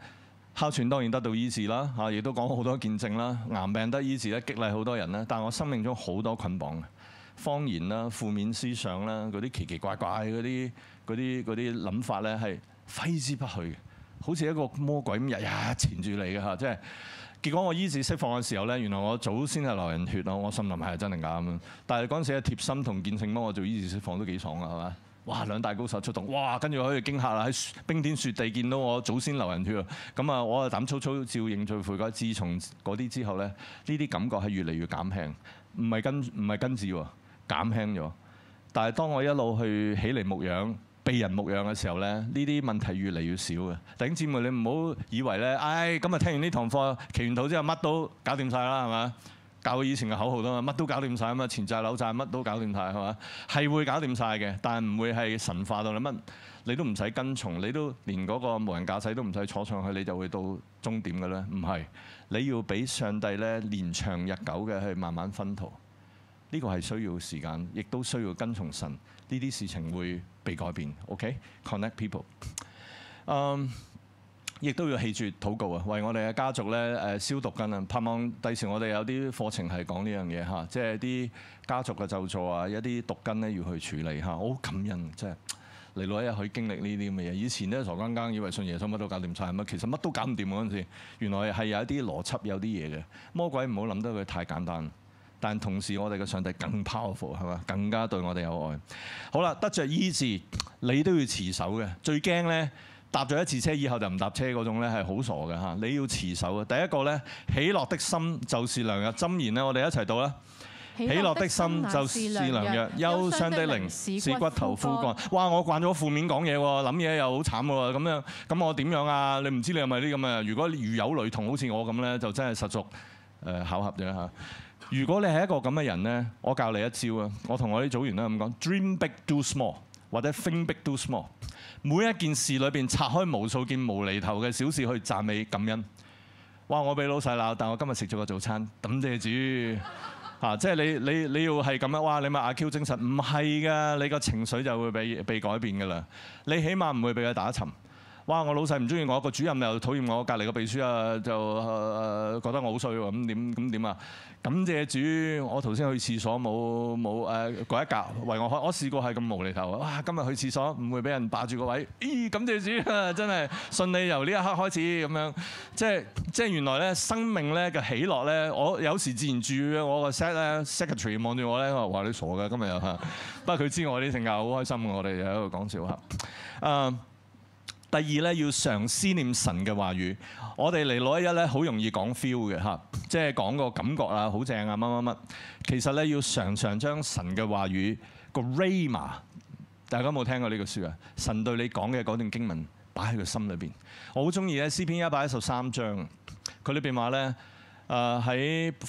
哮喘當然得到醫治啦嚇，亦都講好多見證啦，癌病得醫治咧，激勵好多人啦。但係我生命中好多捆綁嘅謊言啦、負面思想啦、嗰啲奇奇怪怪嗰啲嗰啲嗰啲諗法咧，係揮之不去嘅，好似一個魔鬼咁日日纏住你嘅嚇。即係結果我醫治釋放嘅時候咧，原來我早先係流人血咯，我心諗係真定假咁樣。但係嗰陣時嘅貼心同見證幫我做醫治釋放都幾爽嘅，係咪啊？哇！兩大高手出動，哇！跟住可以驚嚇啦，喺冰天雪地見到我祖先流人血啊！咁啊，我啊膽粗粗照應罪魁。自從嗰啲之後咧，呢啲感覺係越嚟越減輕，唔係根唔係根治喎，減輕咗。但係當我一路去起嚟牧養、被人牧養嘅時候咧，呢啲問題越嚟越少嘅。弟兄姐妹，你唔好以為咧，唉，咁啊聽完呢堂課，祈完禱之後乜都搞掂晒啦，係咪？教以前嘅口號啦嘛，乜都搞掂晒啊嘛，前債後債乜都搞掂晒，係嘛，係會搞掂晒嘅，但唔會係神化到你乜，你都唔使跟從，你都連嗰個無人駕駛都唔使坐上去，你就會到終點嘅咧？唔係，你要俾上帝咧，年長日久嘅去慢慢分佈，呢個係需要時間，亦都需要跟從神。呢啲事情會被改變。OK，connect people。嗯。亦都要棄絕禱告啊，為我哋嘅家族咧消毒根啊！盼望第時我哋有啲課程係講呢樣嘢吓，即係啲家族嘅咒詛啊，一啲毒根咧要去處理吓，好感恩，即係嚟老一日去經歷呢啲咁嘅嘢。以前咧傻更更以為信耶穌乜都搞掂晒，咁啊其實乜都搞唔掂嗰陣時，原來係有一啲邏輯有啲嘢嘅。魔鬼唔好諗得佢太簡單，但同時我哋嘅上帝更 powerful 係嘛，更加對我哋有愛。好啦，得着醫治，你都要持守嘅。最驚咧～搭咗一次車以後就唔搭車嗰種咧係好傻嘅嚇，你要持守啊！第一個咧，喜樂的心就是良藥。箴言咧，我哋一齊讀啦。喜樂的心就是良藥，憂傷的靈是骨頭枯乾。哇！我慣咗負面講嘢喎，諗嘢又好慘喎，咁樣咁我點樣啊？你唔知你係咪啲咁啊？如果如有雷同，好似我咁咧，就真係實屬誒巧合啫嚇。如果你係一個咁嘅人咧，我教你一招啊！我同我啲組員都咁講：dream big, do small。或者 think big do small，每一件事裏面拆開無數件無厘頭嘅小事去讚美感恩。哇！我俾老細鬧，但我今日食咗個早餐，感謝主！即係你你你要係咁樣，哇！你咪阿 Q 精神，唔係㗎，你個情緒就會被被改變㗎啦。你起碼唔會俾佢打沉。哇！我老細唔中意我，個主任又討厭我，隔離個秘書啊就誒、呃、覺得我好衰喎，咁點咁點啊？感謝主，我頭先去廁所冇冇誒一格為我開，我試過係咁無厘頭啊！哇！今日去廁所唔會俾人霸住個位，咦、哎？感謝主真係順利由呢一刻開始咁樣，即係即係原來咧生命咧嘅喜樂咧，我有時自然住我個 set 咧 secretary 望住我咧話你傻㗎今日又嚇，不過佢知我啲性格好開心我哋又喺度講笑嚇，嗯。第二咧要常思念神嘅話語，我哋嚟攞一咧好容易講 feel 嘅吓，即係講個感覺啊，好正啊，乜乜乜。其實咧要常常將神嘅話語個 rhema 大家有冇聽過呢個書啊？神對你講嘅嗰段經文擺喺個心裏邊。我好中意咧《詩篇》一百一十三章，佢裏邊話咧，誒喺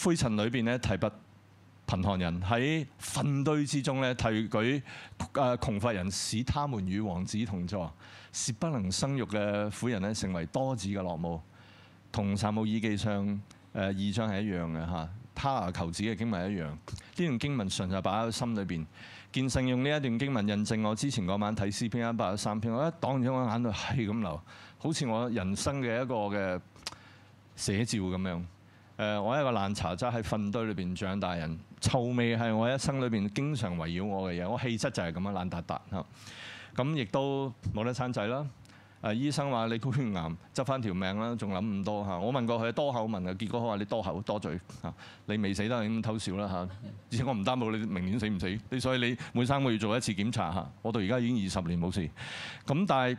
灰塵裏邊咧提筆。貧寒人喺糞堆之中咧，提舉誒窮乏人，使他們與王子同坐；是不能生育嘅婦人呢，成為多子嘅樂母。同《撒母耳記上》誒二章係一樣嘅嚇，哈拿求子嘅經文是一樣。呢段經文純粹擺喺心裏邊，建成用呢一段經文印證我之前嗰晚睇《詩篇》一百三篇，我一擋住我眼度係咁流，好似我人生嘅一個嘅寫照咁樣。誒，我一個爛茶渣喺糞堆裏邊長大人。臭味係我一生裏邊經常圍繞我嘅嘢，我氣質就係咁樣爛達達嚇。咁亦都冇得生仔啦。誒醫生話你高血癌，執翻條命啦，仲諗咁多嚇。我問過佢多口問，結果佢話你多口多嘴嚇，你未死得，你咁偷笑啦嚇。而且我唔擔保你明年死唔死，你所以你每三個月做一次檢查嚇。我到而家已經二十年冇事。咁但係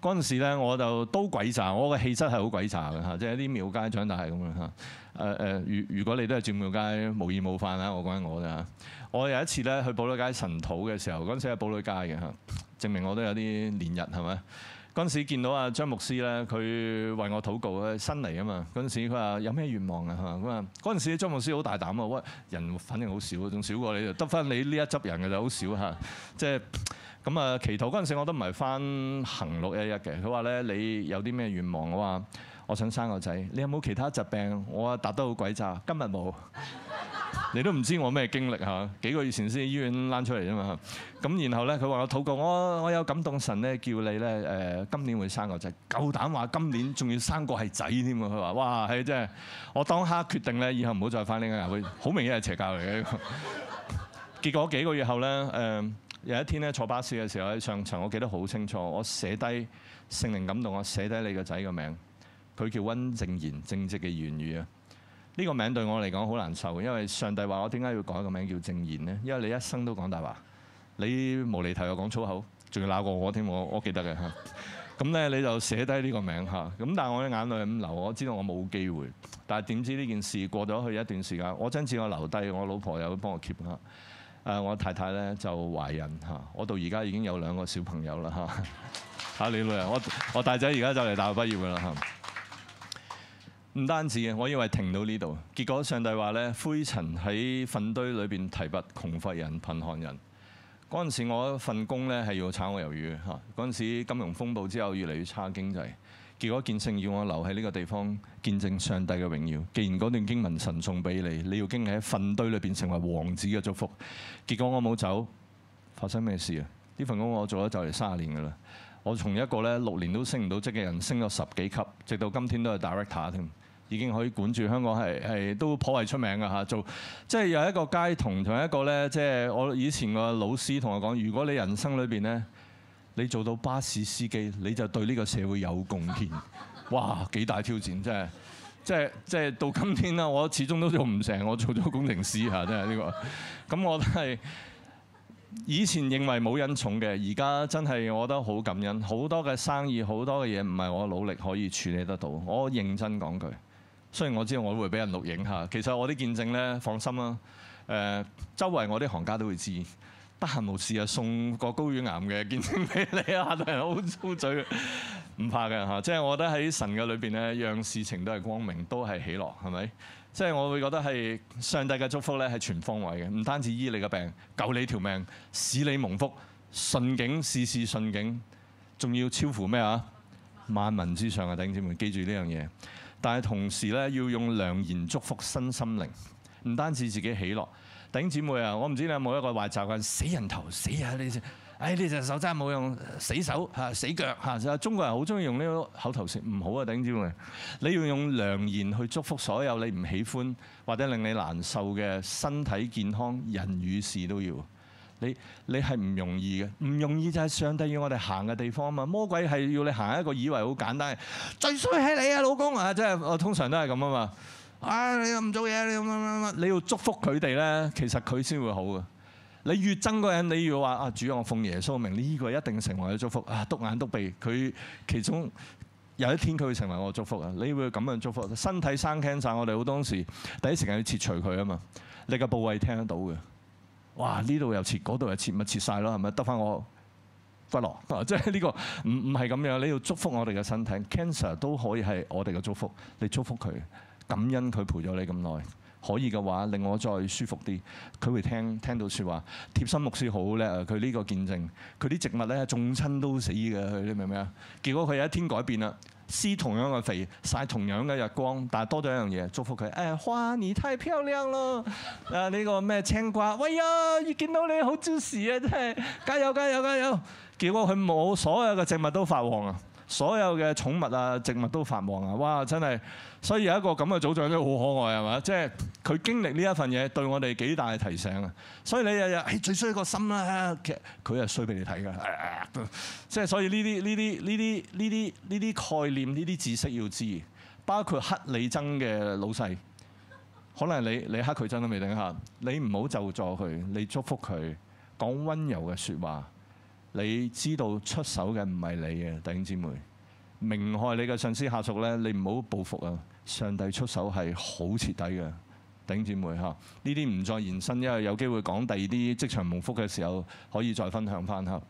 嗰陣時咧，我就都鬼渣，我嘅氣質係好鬼渣嘅嚇，即係啲廟街長大就係咁嘅嚇。誒誒，如、呃、如果你都係佔廟街無意冒犯啦，我講緊我啫。我有一次咧去寶女街神禱嘅時候，嗰陣時喺寶女街嘅嚇，證明我都有啲年日係咪啊？嗰陣時見到阿張牧師咧，佢為我禱告咧，佢新嚟啊嘛。嗰陣時佢話有咩願望啊？係咁啊，嗰陣時張牧師好大膽啊，喂，人反正好少，仲少過你，得翻你呢一執人嘅就好少嚇。即係咁啊，祈禱嗰陣時我都唔係翻行六一一嘅。佢話咧，你有啲咩願望我話。我想生個仔，你有冇其他疾病？我答得好鬼雜，今日冇你都唔知我咩經歷嚇，幾個月前先醫院攆出嚟啫嘛。咁然後咧，佢話我禱告，我我有感動神咧，叫你咧誒、呃，今年會生個仔。夠膽話今年仲要生個係仔添啊！佢話哇，係真係我當刻決定咧，以後唔好再翻呢間牙會。好明顯係邪教嚟嘅。 結果幾個月後咧，誒、呃、有一天咧坐巴士嘅時候喺上層，我記得好清楚，我寫低聖靈感動我寫低你個仔嘅名。佢叫温正言，正直嘅言語啊！呢個名對我嚟講好難受，因為上帝話我點解要改個名叫正言呢？因為你一生都講大話，你無厘頭又講粗口，仲要鬧過我添，我我記得嘅嚇，咁咧 你就寫低呢個名嚇，咁但係我嘅眼淚咁流，我知道我冇機會。但係點知呢件事過咗去一段時間，我真係我留低，我老婆又幫我 keep 啦。誒，我太太咧就懷孕嚇，我到而家已經有兩個小朋友啦嚇。啊，李女士，我我大仔而家就嚟大學畢業噶啦嚇。唔單止，我以為停到呢度，結果上帝話呢，灰塵喺墳堆裏面提拔窮乏人、貧寒人。嗰陣時我份工呢係要炒我魷魚嚇。嗰陣時金融風暴之後越嚟越差經濟，結果見證，要我留喺呢個地方見證上帝嘅榮耀。既然嗰段經文神送俾你，你要經歷喺墳堆裏面成為王子嘅祝福。結果我冇走，發生咩事啊？呢份工我做咗就嚟三十年噶啦，我從一個呢六年都升唔到職嘅人，升咗十幾級，直到今天都係 director 添。已經可以管住香港，係係都頗為出名嘅吓，做即係、就是、有一個街同同一個咧，即、就、係、是、我以前個老師同我講：如果你人生裏邊咧，你做到巴士司機，你就對呢個社會有貢獻。哇！幾大挑戰真係，即係即係到今天啦，我始終都做唔成，我做咗工程師吓，真係呢、這個咁我都係以前認為冇人重嘅，而家真係我覺得好感恩，好多嘅生意，好多嘅嘢唔係我努力可以處理得到。我認真講句。所以我知道我會俾人錄影下，其實我啲見證咧，放心啦。誒、呃，周圍我啲行家都會知道，得閒無事啊，送個高爾癌嘅見證俾你哈哈很 啊，都係好粗嘴，唔怕嘅嚇。即係我覺得喺神嘅裏邊咧，讓事情都係光明，都係喜樂，係咪？即係我會覺得係上帝嘅祝福咧，係全方位嘅，唔單止醫你嘅病，救你條命，使你蒙福，順境事事順境，仲要超乎咩啊？萬民之上啊，弟兄姊妹，記住呢樣嘢。但係同時咧，要用良言祝福身心靈，唔單止自己喜樂。頂姐妹啊，我唔知你有冇一個壞習慣，死人頭死啊！你誒，你隻手真係冇用，死手嚇，死腳嚇。中國人好中意用呢個口頭禪，唔好啊，頂姐妹，你要用良言去祝福所有你唔喜歡或者令你難受嘅身體健康、人與事都要。你你係唔容易嘅，唔容易就係上帝要我哋行嘅地方啊嘛！魔鬼係要你行一個以為好簡單，最衰係你啊，老公啊！即係我通常都係咁啊嘛！啊、哎，你又唔做嘢，你乜乜乜，你要祝福佢哋咧，其實佢先會好㗎。你越憎嗰人，你要話啊，主要我奉耶穌名呢、呢個一定成為佢祝福啊！篤眼篤鼻，佢其中有一天佢會成為我祝福啊！你會咁樣祝福身體生聽晒。我哋好當時第一時間要切除佢啊嘛！你個部位聽得到嘅。哇！呢度又切，嗰度又切，咪切晒咯，係咪得翻我骨落？即係呢個唔唔係咁樣，你要祝福我哋嘅身體。Cancer 都可以係我哋嘅祝福，你祝福佢，感恩佢陪咗你咁耐，可以嘅話令我再舒服啲，佢會聽聽到説話。貼心牧師好叻啊！佢呢個見證，佢啲植物咧種親都死嘅，佢你明唔明啊？結果佢有一天改變啦。施同樣嘅肥，曬同樣嘅日光，但係多咗一樣嘢，祝福佢。誒、哎、花，你太漂亮啦！誒呢、 啊呢個咩青瓜，喂、哎、呀！見到你好 juicy 啊，真係加油加油加油！結果佢冇所有嘅植物都發黃啊！所有嘅寵物啊、植物都發旺啊！哇，真係，所以有一個咁嘅組長都好可愛係嘛？即係佢經歷呢一份嘢，對我哋幾大提醒天天啊！所以你日日誒最衰個心啦，其實佢係衰俾你睇㗎，即係所以呢啲呢啲呢啲呢啲呢啲概念呢啲知識要知道，包括乞你憎嘅老細，可能你你乞佢憎都未定吓，你唔好咒詛佢，你祝福佢，講溫柔嘅說話。你知道出手嘅唔係你嘅弟兄姊妹，明害你嘅上司下屬呢，你唔好報復啊！上帝出手係好徹底嘅，弟兄姊妹嚇，呢啲唔再延伸，因為有機會講第二啲職場蒙福嘅時候可以再分享翻嚇。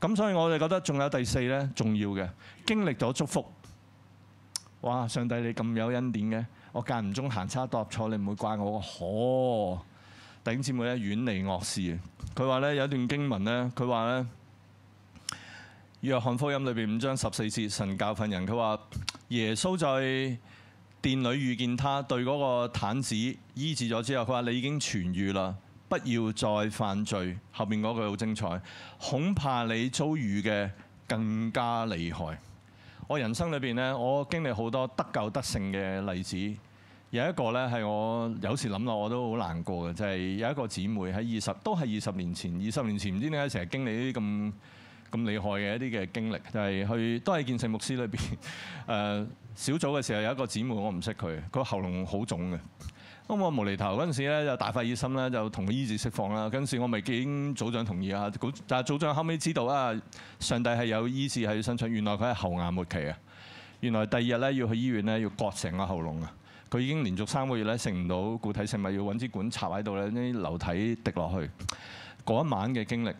咁所以我哋覺得仲有第四呢重要嘅，經歷咗祝福，哇！上帝你咁有恩典嘅，我間唔中行差踏錯，你唔會怪我㗎，嗬、哦？弟兄姊妹咧，遠離惡事，佢話呢有一段經文呢，佢話呢。約翰福音裏邊五章十四節，神教訓人，佢話耶穌在殿裏遇見他，對嗰個癱子醫治咗之後，佢話：你已經痊愈啦，不要再犯罪。後面嗰句好精彩，恐怕你遭遇嘅更加厲害。我人生裏邊呢，我經歷好多得救得勝嘅例子，有一個呢，係我有時諗落我都好難過嘅，就係、是、有一個姊妹喺二十都係二十年前，二十年前唔知點解成日經歷啲咁。咁厲害嘅一啲嘅經歷，就係、是、去都係建成牧師裏邊誒小組嘅時候，有一個姊妹，我唔識佢，個喉嚨好腫嘅。咁我無厘頭嗰陣時咧就大發熱心咧就同佢醫治釋放啦。嗰陣時候我未經組長同意啊，但係組長後尾知道啊，上帝係有醫治喺佢身上，原來佢係喉癌末期啊。原來第二日咧要去醫院咧要割成個喉嚨啊。佢已經連續三個月咧食唔到固體食物，要搵支管插喺度咧啲流體滴落去。嗰一晚嘅經歷。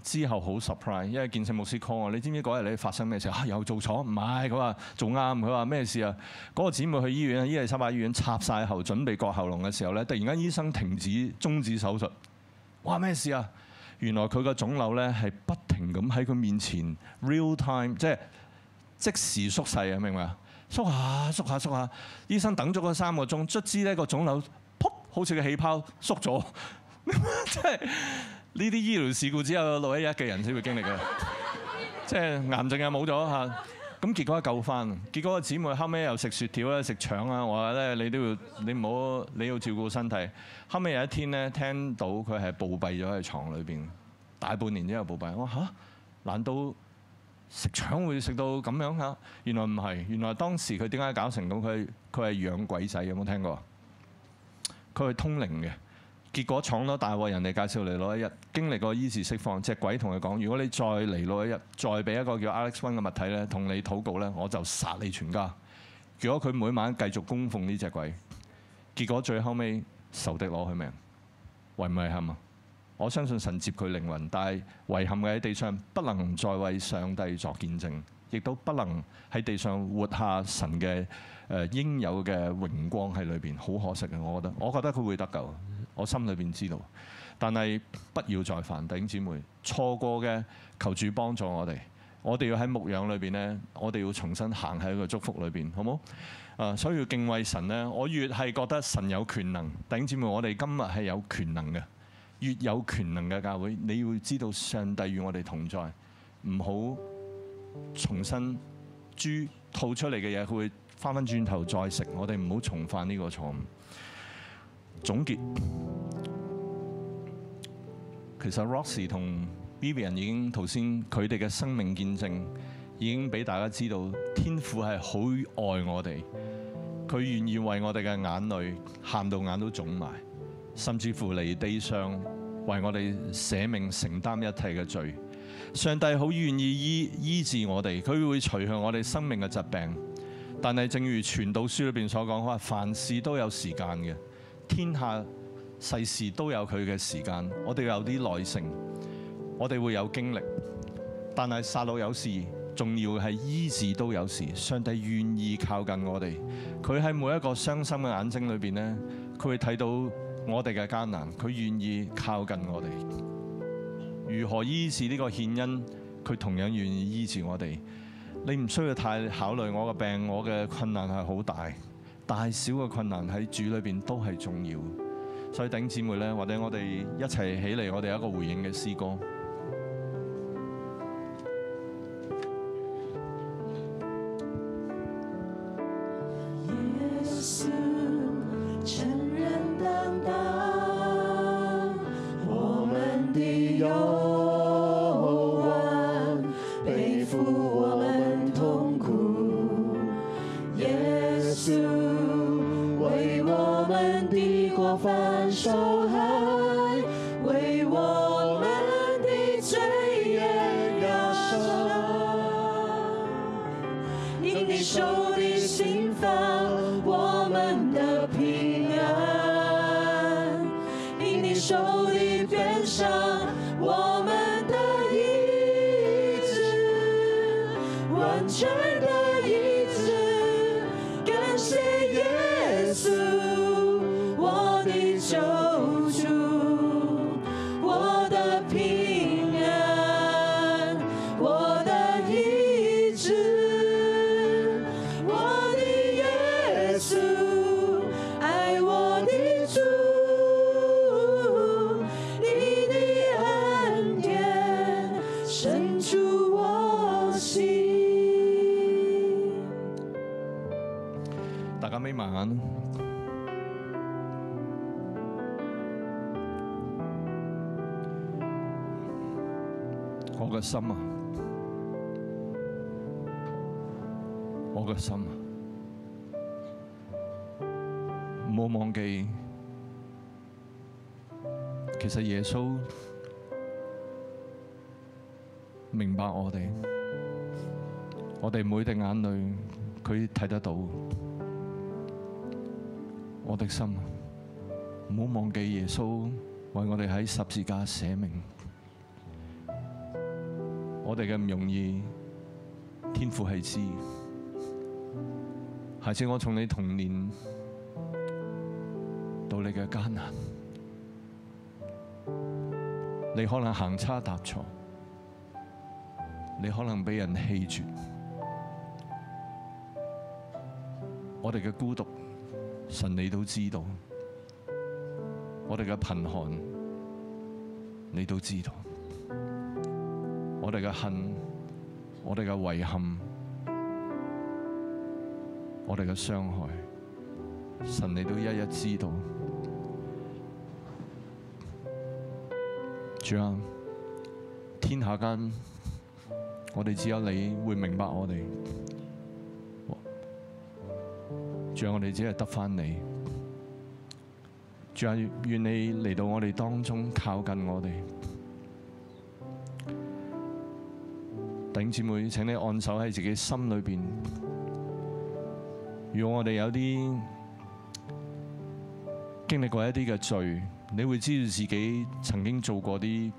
之後好 surprise，因為建聖牧師 call 我，你知唔知嗰日你發生咩事啊？又做錯？唔係，佢話做啱。佢話咩事啊？嗰、嗰個姊妹去醫院，伊麗莎白醫院，插晒喉，準備割喉嚨嘅時候咧，突然間醫生停止、中止手術。哇！咩事啊？原來佢個腫瘤咧係不停咁喺佢面前 real time，即係即時縮細啊！明唔明啊？縮下縮下縮下，醫生等咗嗰三個鐘，卒之呢個腫瘤，噗，好似個氣泡縮咗，即係。呢啲醫療事故只有六一一嘅人先會經歷嘅，即係癌症又冇咗嚇，咁結果救翻。結果個姊妹後尾又食雪條啊、食腸啊，我話咧你都要，你唔好你要照顧身體。後尾有一天咧，聽到佢係暴斃咗喺床裏邊，大半年之後暴斃。我吓？難道食腸會食到咁樣啊？原來唔係，原來當時佢點解搞成咁？佢佢係養鬼仔，有冇聽過？佢係通靈嘅。結果闖到大禍，人哋介紹嚟攞一日，經歷過醫治釋放，隻鬼同佢講：如果你再嚟攞一日，再俾一個叫 Alex One 嘅物體咧，同你禱告咧，我就殺你全家。如果佢每晚繼續供奉呢隻鬼，結果最後尾仇敵攞佢命，遺唔遺憾啊？我相信神接佢靈魂，但係遺憾嘅喺地上不能再為上帝作見證，亦都不能喺地上活下神嘅誒應有嘅榮光喺裏邊，好可惜嘅。我覺得，我覺得佢會得救。我心裏面知道，但係不要再犯。弟兄姊妹，錯過嘅求主幫助我哋。我哋要喺牧羊裏面呢，我哋要重新行喺個祝福裏面。好唔好？所以要敬畏神呢。我越係覺得神有權能，弟兄姊妹，我哋今日係有權能嘅，越有權能嘅教會，你要知道上帝與我哋同在。唔好重新豬吐出嚟嘅嘢，佢會翻返轉頭再食。我哋唔好重犯呢個錯誤。總結其實 Roxy 同 Vivian 已經頭先佢哋嘅生命見證已經俾大家知道，天父係好愛我哋，佢願意為我哋嘅眼淚喊到眼都腫埋，甚至乎嚟地上為我哋捨命承擔一切嘅罪。上帝好願意醫醫治我哋，佢會除去我哋生命嘅疾病。但係正如傳道書裏面所講，話凡事都有時間嘅。天下世事都有佢嘅時間，我哋有啲耐性，我哋會有經歷，但係殺戮有事，重要係醫治都有事。上帝願意靠近我哋，佢喺每一個傷心嘅眼睛裏邊咧，佢會睇到我哋嘅艱難，佢願意靠近我哋。如何醫治呢個獻恩，佢同樣願意醫治我哋。你唔需要太考慮我嘅病，我嘅困難係好大。大小嘅困難喺主裏邊都係重要，所以頂姊妹咧，或者我哋一齊起嚟，我哋有一個回應嘅詩歌。我嘅心啊，唔好忘記，其實耶穌明白我哋，我哋每滴眼淚佢睇得到。我的心，唔好忘記，耶穌為我哋喺十字架捨命。我哋嘅唔容易，天父係知。下次我從你童年到你嘅艱難，你可能行差踏錯，你可能被人棄絕，我哋嘅孤獨，神你都知道；我哋嘅貧寒，你都知道。我哋嘅恨，我哋嘅遺憾，我哋嘅傷害，神你都一一知道。主啊，天下間我哋只有你會明白我哋。主啊，我哋只係得返你。主啊，願你嚟到我哋當中，靠近我哋。弟兄姐妹，請你按手喺自己心裏邊。如果我哋有啲經歷過一啲嘅罪，你會知道自己曾經做過啲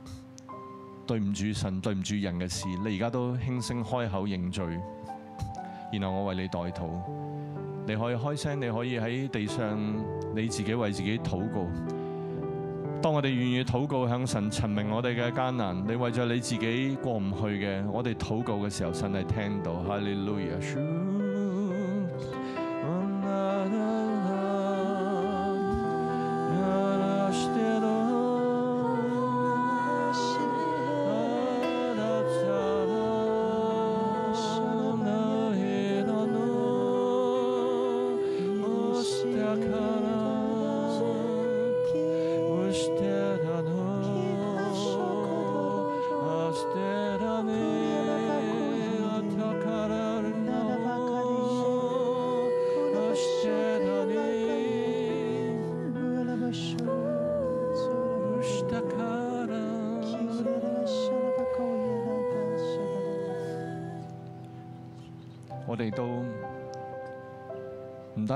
對唔住神、對唔住人嘅事，你而家都輕聲開口認罪，然後我為你代禱，你可以開聲，你可以喺地上，你自己為自己禱告。當我哋願意禱告向神陳明我哋嘅艱難，你為了你自己過唔去嘅，我哋禱告嘅時候，神係聽到。哈利路亞。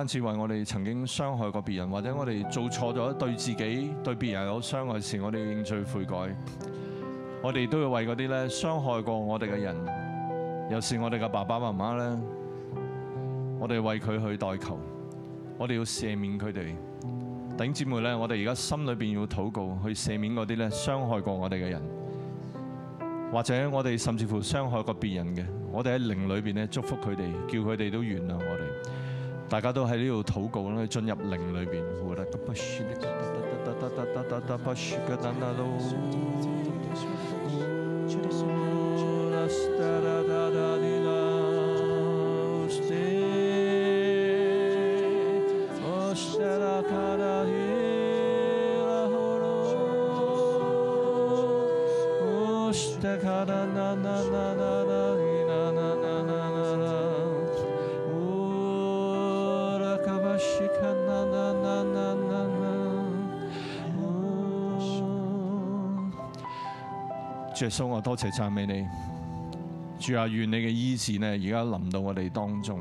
似為我哋曾經傷害過別人，或者我哋做錯咗，對自己對別人有傷害時，我哋認罪悔改。我哋都要為嗰啲咧傷害過我哋嘅人，又是我哋嘅爸爸媽媽咧，我哋為佢去代求，我哋要赦免佢哋。弟兄姊妹咧，我哋而家心裏邊要禱告，去赦免嗰啲咧傷害過我哋嘅人，或者我哋甚至乎傷害過別人嘅，我哋喺靈裏邊咧祝福佢哋，叫佢哋都原諒我哋。大家都喺呢度禱告咧，進入靈裏面。耶穌，我多謝讚美你主。主啊，願你嘅醫治呢，而家臨到我哋當中。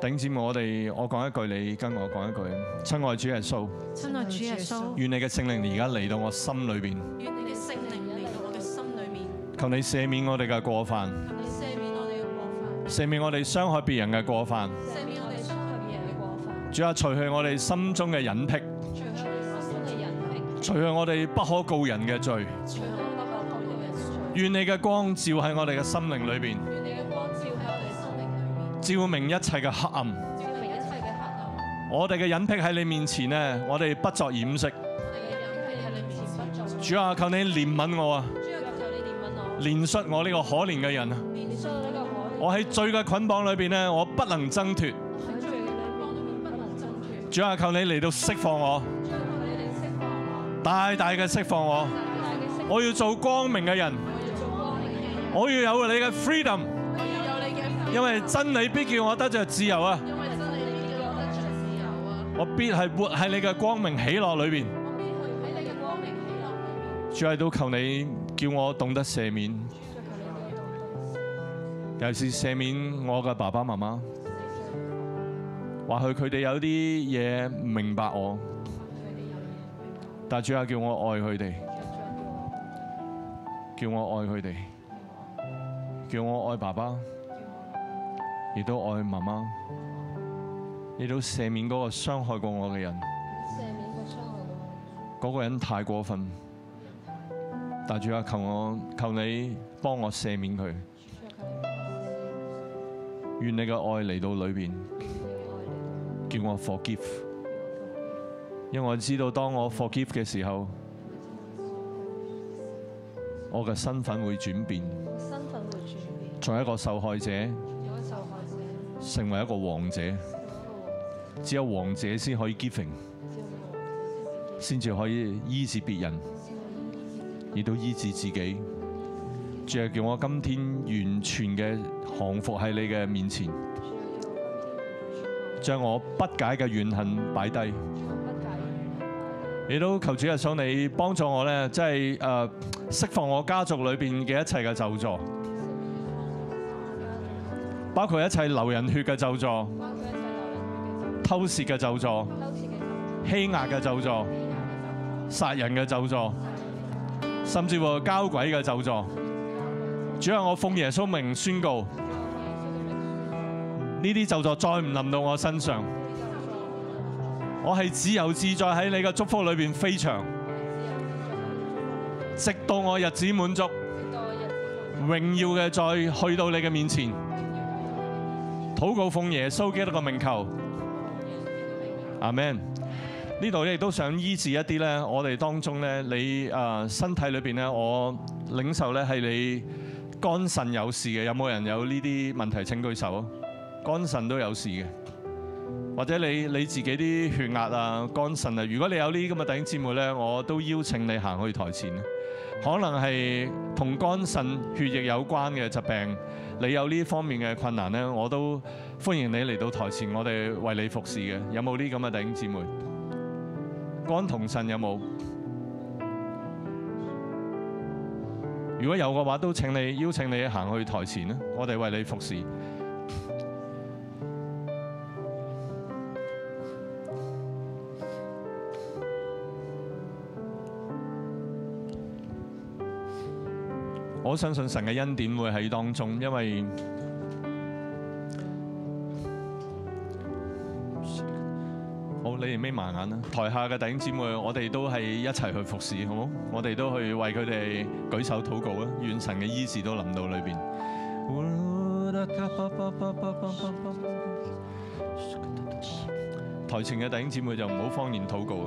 頂住，我哋我講一句，你跟我講一句。親愛主耶穌，親愛主耶穌，願你嘅聖靈而家嚟到我心裏邊。願你嘅聖靈嚟到我嘅心，心裏面。求你赦免我哋嘅過犯。求你赦免我哋嘅過犯。赦免我哋傷害別人嘅過犯。赦免我哋傷害別人嘅過犯。主啊，除去我哋心中嘅隱僻。除去我哋心中嘅隱僻。除去我哋不可告人嘅罪。願你嘅光照喺我哋嘅心靈裏邊，照明一切嘅黑暗。我哋嘅隱癖喺你面前呢，我哋不作掩飾。主啊，求你憐憫我啊！我，憐恤我呢個可憐嘅人啊！我喺罪嘅捆綁裏邊呢，我不能掙脫。主啊，求你嚟到釋放我，大大嘅釋放我。我要做光明嘅人。我要有你嘅 freedom，因為真理必叫我得着自由啊！我必係活喺你嘅光明喜樂裏邊。主啊，都求你叫我懂得赦免，尤其是赦免我嘅爸爸媽媽。或許佢哋有啲嘢唔明白我，但主啊，叫我愛佢哋，叫我愛佢哋。叫我愛爸爸，亦都愛媽媽，亦都赦免嗰個傷害過我嘅人。嗰個人太過分。但係主啊，求我，求你幫我赦免佢。願你嘅愛嚟到裏邊，叫我 forgive，因為我知道當我 forgive 嘅時候，我嘅身份會轉變。做一個受害者，成為一個王者，只有王者先可以 giving，先至可以醫治別人，亦都醫治自己。主啊，叫我今天完全嘅降服，喺你嘅面前，將我不解嘅怨恨擺低。你都求主啊，求你幫助我咧，即係誒釋放我，我家族裏邊嘅一切嘅咒詛。包括一切流人血嘅咒詛，偷竊嘅咒詛，欺壓嘅咒詛，殺人嘅咒詛，甚至乎交鬼嘅咒詛。主啊，我奉耶穌名宣告，呢啲咒詛再唔臨到我身上，我係自由自在喺你嘅祝福裏面飛翔，直到我日子滿足，榮耀嘅再去到你嘅面前。好高奉耶穌基督個名求，阿們。呢度咧亦都想醫治一啲咧，我哋當中咧，你啊身體裏邊咧，我領受咧係你肝腎有事嘅，有冇人有呢啲問題？請舉手啊！肝腎都有事嘅，或者你你自己啲血壓啊、肝腎啊，如果你有呢啲咁嘅弟兄姊妹咧，我都邀請你行去台前啊！可能係同肝腎血液有關嘅疾病。你有呢方面嘅困難呢，我都歡迎你嚟到台前，我哋為你服侍嘅。有冇呢啲咁嘅弟兄姊妹？肝同腎有冇？如果有嘅話，都請你邀請你行去台前啦，我哋為你服侍。我相信神嘅恩典會喺當中，因為好，你哋眯埋眼啦。台下嘅弟兄姊妹，我哋都係一齊去服侍，好唔好？我哋都去為佢哋舉手禱告啊！願神嘅醫治都臨到裏邊。台前嘅弟兄姊妹就唔好方言禱告。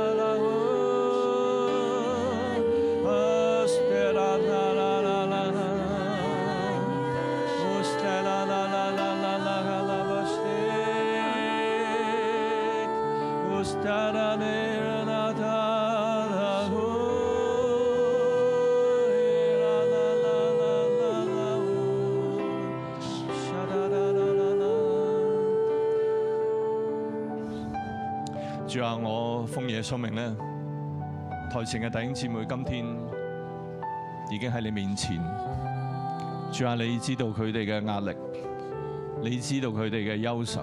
奉耶！說明呢？台前嘅弟兄姊妹，今天已經喺你面前。主啊，你知道佢哋嘅壓力，你知道佢哋嘅憂愁。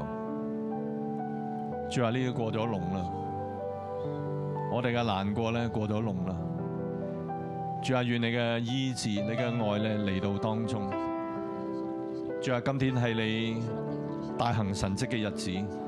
主啊，呢啲過咗隆啦，我哋嘅難過咧過咗隆啦。主啊，願你嘅醫治、你嘅愛咧嚟到當中。主啊，今天係你大行神跡嘅日子。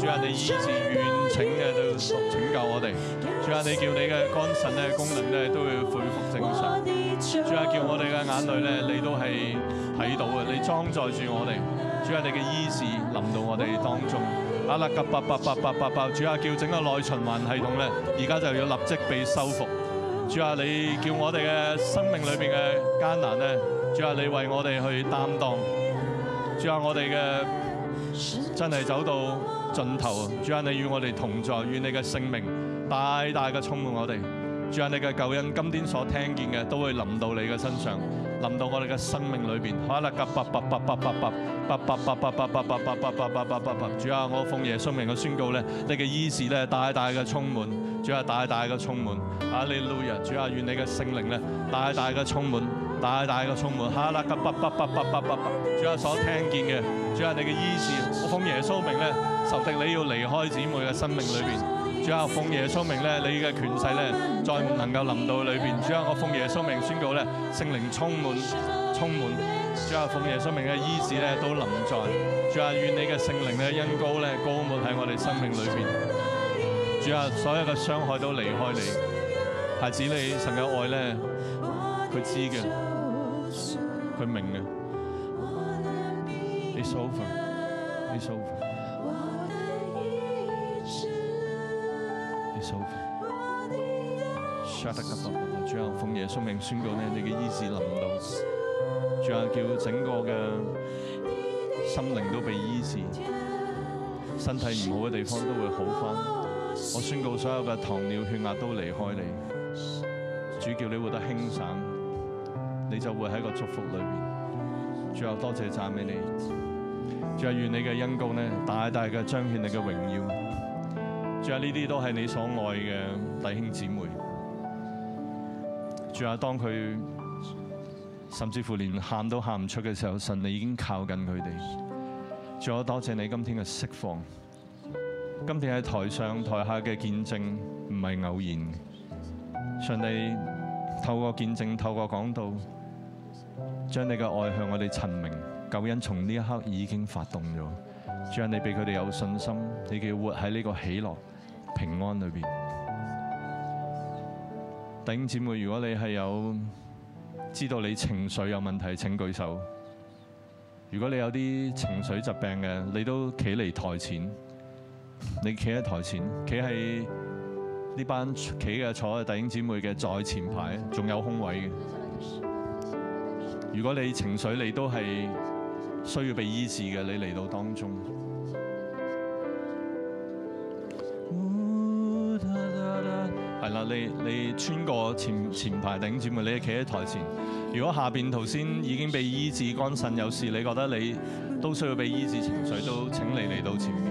主啊，你醫治願請嘅都拯救我哋。主啊，你叫你嘅肝腎咧功能咧都要恢復正常。主啊，叫我哋嘅眼淚咧你都係睇到啊，你裝載住我哋。主啊，你嘅醫治臨到我哋當中。阿叻吉八八八八八八，主啊，叫整個內循環系統咧而家就要立即被修復。主啊，你叫我哋嘅生命裏邊嘅艱難咧，主啊，你為我哋去擔當。主啊，我哋嘅真係走到。盡頭啊！主啊，你與我哋同在，願你嘅聖靈大大嘅充滿我哋。主啊，你嘅救恩今天所聽見嘅，都會臨到你嘅身上，臨到我哋嘅生命裏邊。好啦，主啊，我奉耶穌名嘅宣告，你嘅醫治，大大嘅充滿。主啊，大大嘅充滿。阿利路亞！主啊，願你嘅聖靈大大嘅充滿。大大嘅充滿，哈喇吉卜卜卜卜卜卜卜卜！主啊，所聽見嘅，主啊，你嘅醫治，我奉耶穌名咧，仇敵你要離開姊妹嘅生命裏邊。主啊，我奉耶穌名咧，你嘅權勢咧，再唔能夠臨到裏邊。主啊，我奉耶穌名宣告咧，聖靈充滿充滿。主啊，我奉耶穌名嘅醫治咧，都臨在。主啊，願你嘅聖靈咧，恩膏咧，高滿喺我哋生命裏邊。主啊，所有嘅傷害都離開你。孩子，你神嘅愛咧，佢知嘅。佢明嘅，It's over. It's over. It's over. It's over. Shut up. 主啊，奉耶穌名宣告呢，你嘅醫治臨到。主啊，叫整個嘅心靈都被醫治，身體唔好嘅地方都會好翻。我宣告所有嘅糖尿血壓都離開你。主叫你活得輕省。你就會喺個祝福裏邊。仲有多謝讚美你。仲有願你嘅恩膏咧，大大嘅彰顯你嘅榮耀。仲有呢啲都係你所愛嘅弟兄姊妹。仲有當佢甚至乎連喊都喊唔出嘅時候，神你已經靠近佢哋。仲有多謝你今天嘅釋放。今天喺台上台下嘅見證唔係偶然。上帝透過見證，透過講道。將你嘅愛向我哋陳明，救恩從呢一刻已經發動咗。主你俾佢哋有信心，你叫活喺呢個喜樂平安裏邊。弟兄姊妹，如果你係有知道你情緒有問題，請舉手。如果你有啲情緒疾病嘅，你都企嚟台前。你企喺台前，企喺呢班企嘅坐喺弟兄姊妹嘅再前排，仲有空位嘅。如果你情緒你都係需要被醫治嘅，你嚟到當中。係啦，你你穿過前前排頂住嘅，你企喺台前。如果下邊頭先已經被醫治肝腎有事，你覺得你都需要被醫治情緒，都請你嚟到前面。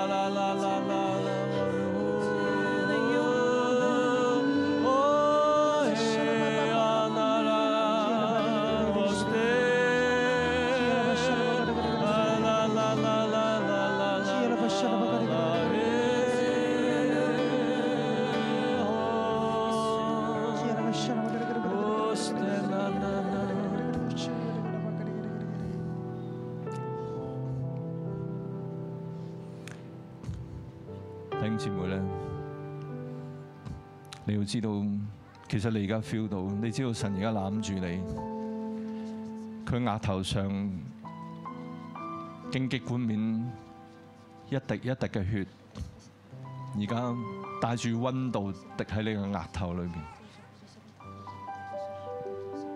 弟兄姊妹咧，你要知道，其實你而家 feel 到，你知道神而家攬住你，佢額頭上荊棘冠冕一滴一滴嘅血，而家帶住溫度滴喺你嘅額頭裏邊，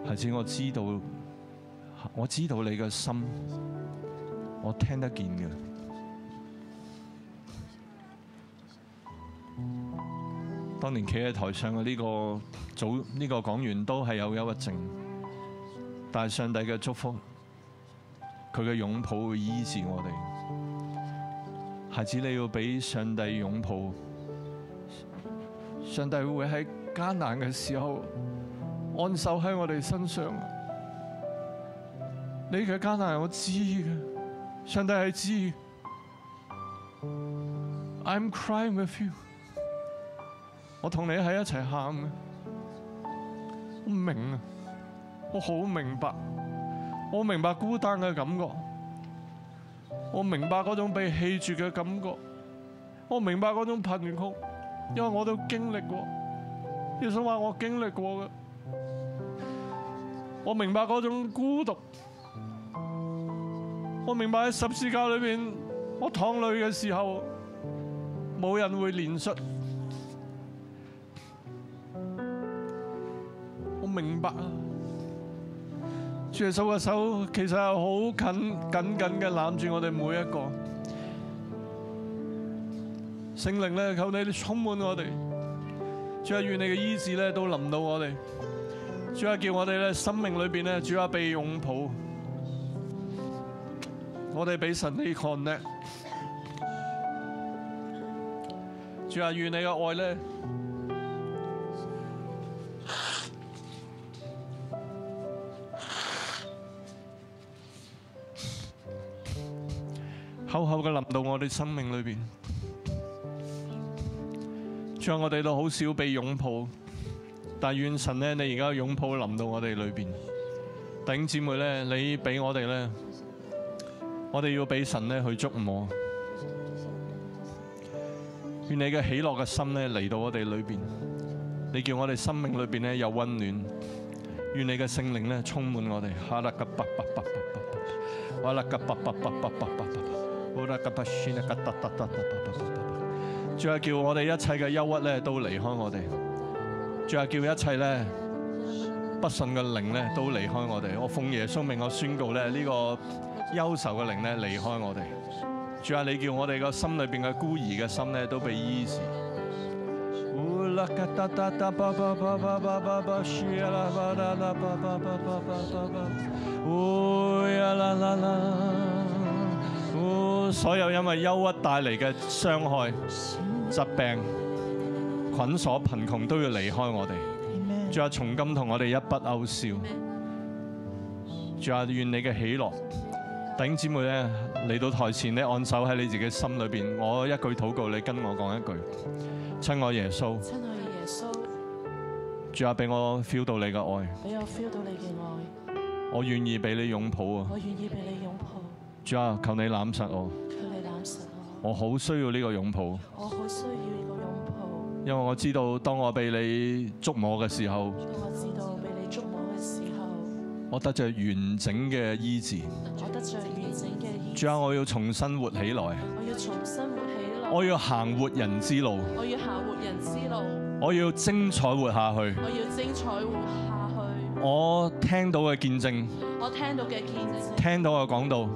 下次我知道，我知道你嘅心，我聽得見嘅。當年企喺台上嘅呢、這個組，呢、這個講員，都係有憂鬱症，但係上帝嘅祝福，佢嘅擁抱會醫治我哋。孩子，你要俾上帝擁抱，上帝會喺艱難嘅時候按手喺我哋身上。你嘅艱難我知嘅，上帝係知。I'm crying with you。我同你喺一齊喊，我明啊，我好明白，我明白孤單嘅感覺，我明白嗰種被棄絕嘅感覺，我明白嗰種貧窮，因為我都經歷過。耶穌話我經歷過嘅，我明白嗰種孤獨，我明白喺十字架裏邊我淌淚嘅時候冇人會憐恤。明白主耶穌嘅手其實係好緊緊緊嘅攬住我哋每一個。聖靈咧，求你充滿我哋。主啊，願你嘅醫治咧都臨到我哋。主啊，叫我哋咧生命裏邊咧，主啊被擁抱。我哋俾神呢 connect。主啊，願你嘅愛咧。厚厚嘅臨到我哋生命裏邊，將我哋都好少被擁抱，但願神呢，你而家擁抱臨到我哋裏邊。弟兄姊妹咧，你俾我哋咧，我哋要俾神咧去捉摸，願你嘅喜樂嘅心咧嚟到我哋裏邊，你叫我哋生命裏邊咧有溫暖，願你嘅聖靈咧充滿我哋。哈利呼啦格巴宣啦格噠噠噠噠噠，叫我哋一切嘅憂鬱咧都離開我哋，仲有，叫一切咧不信嘅靈咧都離開我哋，我奉耶穌命，我宣告咧呢個憂愁嘅靈咧離開我哋，仲有，你叫我哋個心裏邊嘅孤兒嘅心咧都被醫治。所有因為憂鬱帶嚟嘅傷害、疾病、捆鎖、貧窮都要離開我哋。主啊，從今同我哋一筆勾銷。主啊，願你嘅喜樂，頂姊妹咧嚟到台前你按手喺你自己心裏邊。我一句禱告，你跟我講一句。親愛耶穌，親愛耶穌。主啊，俾我 feel 到你嘅愛，俾我 feel 到你嘅愛。我願意俾你擁抱啊，我願意俾你擁抱。主啊，求你攬實我，求你攬實我，我好需要呢個擁抱，我好需要呢個擁抱，因為我知道當我被你捉摸嘅時候，我知道被你捉摸嘅時候，我得着完整嘅醫治，我得着完整嘅醫治。主啊，我要重新活起來，我要重新活起來，我要行活人之路，我要行活人之路，我要精彩活下去，我要精彩活下去。我聽到嘅見證，我聽到嘅見證，聽到嘅講道，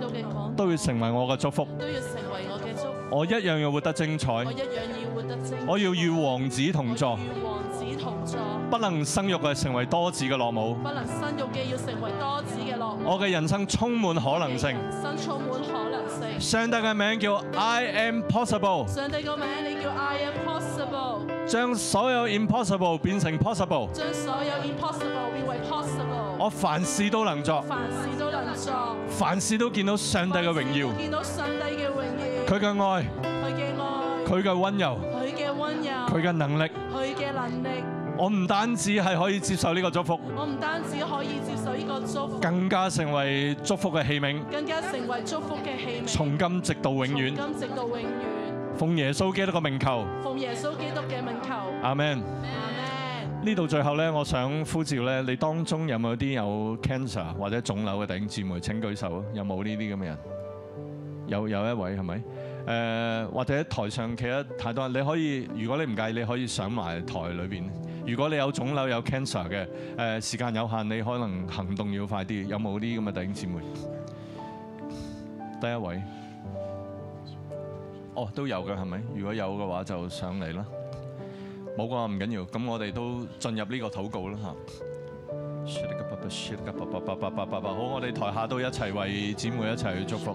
到嘅都要成為我嘅祝福，都要成為我嘅祝福。我一樣要活得精彩，我一樣要活得精彩。我要與王子同坐。我與王子同坐。不能生育嘅成為多子嘅樂母，不能生育嘅要成為多子嘅樂母。我嘅人生充滿可能性，充滿可能性。上帝嘅名叫 I am possible，上帝個名你叫 I am poss。將所有 impossible 變成 possible，將所有 impossible 變為 possible。我凡事都能做，凡事都能做，凡事都見到上帝嘅榮耀，見到上帝嘅榮耀。佢嘅愛，佢嘅愛，佢嘅溫柔，佢嘅溫柔，佢嘅能力，佢嘅能力。我唔單止係可以接受呢個祝福，我唔單止可以接受呢個祝福，更加成為祝福嘅器皿，更加成為祝福嘅器皿，從今直到永遠，從今直到永遠。奉耶穌基督嘅名求。奉耶穌基督嘅名求阿。阿門，阿門，呢度最後咧，我想呼召咧，你當中有冇啲有 cancer 或者腫瘤嘅弟兄姊妹？請舉手啊！有冇呢啲咁嘅人？有，有一位係咪？誒或者台上企得太多，你可以，如果你唔介意，你可以上埋台裏邊。如果你有腫瘤有 cancer 嘅，誒時間有限，你可能行動要快啲。有冇啲咁嘅弟兄姊妹？第一位。哦，都有嘅，係咪？如果有嘅話，就上嚟啦。冇嘅話唔緊要，咁我哋都進入呢個禱告啦吓，好，我哋台下都一齊為姊妹一齊去祝福。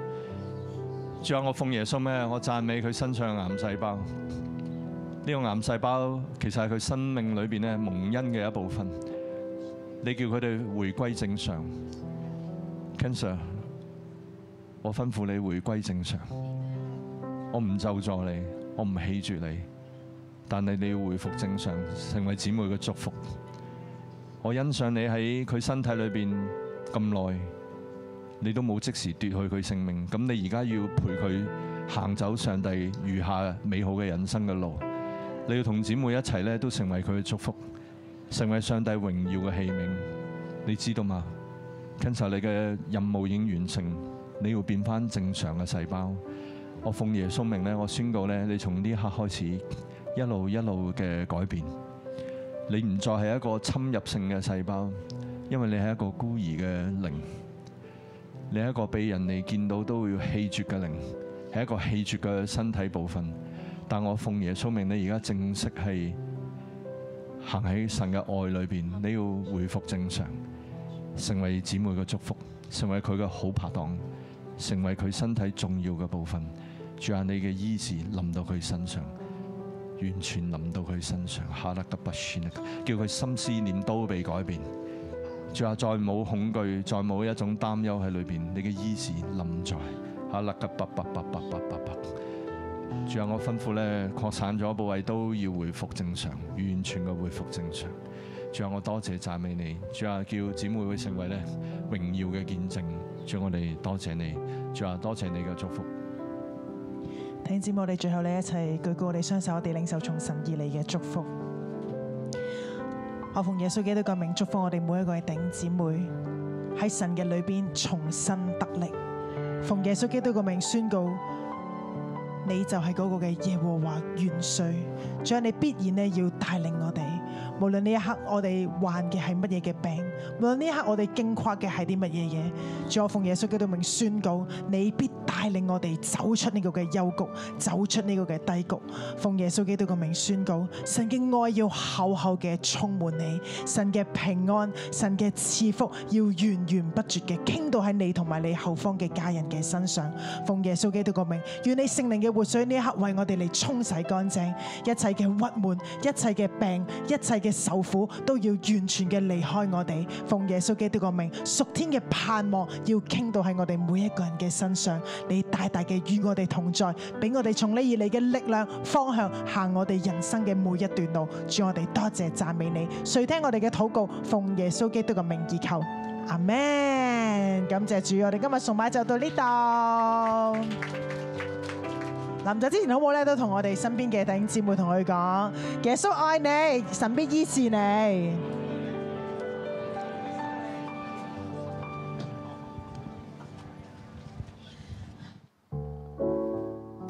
仲有我奉耶穌咩？我讚美佢身上嘅癌細胞，呢個癌細胞其實係佢生命裏邊咧蒙恩嘅一部分。你叫佢哋回歸正常，cancer，我吩咐你回歸正常。我唔咒助你，我唔棄住你，但係你要回復正常，成為姊妹嘅祝福。我欣賞你喺佢身體裏邊咁耐。你都冇即時奪去佢性命，咁你而家要陪佢行走，走上帝餘下美好嘅人生嘅路，你要同姊妹一齊咧都成為佢嘅祝福，成為上帝榮耀嘅器皿，你知道嗎？今次你嘅任務已經完成，你要變翻正常嘅細胞。我奉耶穌命，呢我宣告，呢你從呢刻開始，一路一路嘅改變，你唔再係一個侵入性嘅細胞，因為你係一個孤兒嘅靈。你係一個被人哋見到都會氣絕嘅靈，係一個氣絕嘅身體部分。但我奉耶穌命，你而家正式係行喺神嘅愛裏邊，你要回復正常，成為姊妹嘅祝福，成為佢嘅好拍檔，成為佢身體重要嘅部分。主啊，你嘅醫治臨到佢身上，完全臨到佢身上，嚇得嘅不穿，叫佢心思念都被改變。主啊，再冇恐懼，再冇一種擔憂喺裏邊，你嘅醫治臨在，吓！立吉卜卜卜卜卜卜卜。主啊，我吩咐咧，擴散咗部位都要回復正常，完全嘅回復正常。主啊，我多謝讚美你。主啊，叫姊妹會成為咧榮耀嘅見證。主，我哋多謝你。主啊，多謝你嘅祝福。請姊妹，我哋最後呢一齊舉高，我哋雙手，我哋領受從神而嚟嘅祝福。我奉耶穌基督嘅名祝福我哋每一個弟兄姊妹，喺神嘅裏面重新得力。奉耶穌基督嘅名宣告，你就係那個嘅耶和華元帥，將你必然咧要帶領我哋。無論呢一刻我哋患嘅係乜嘢嘅病。無論呢一刻我哋驚跨嘅係啲乜嘢嘢，就我奉耶穌基督名宣告，你必帶領我哋走出呢個嘅幽谷，走出呢個嘅低谷。奉耶穌基督嘅名宣告，神嘅愛要厚厚嘅充滿你，神嘅平安、神嘅賜福要源源不絕嘅傾倒喺你同埋你後方嘅家人嘅身上。奉耶穌基督嘅名，願你聖靈嘅活水呢一刻為我哋嚟沖洗乾淨，一切嘅鬱悶、一切嘅病、一切嘅受苦都要完全嘅離開我哋。奉耶穌基督個名，屬天嘅盼望要傾到喺我哋每一個人嘅身上，你大大嘅與我哋同在，俾我哋從你而來嘅力量方向行我哋人生嘅每一段路。主我哋多謝讚美你，垂聽我哋嘅禱告。奉耶穌基督嘅名而求，阿們，感謝主，我哋今日崇拜就到呢度。臨走之前，好唔好咧？都同我哋身邊嘅弟兄姊妹同佢講：耶穌愛你，神必醫治你。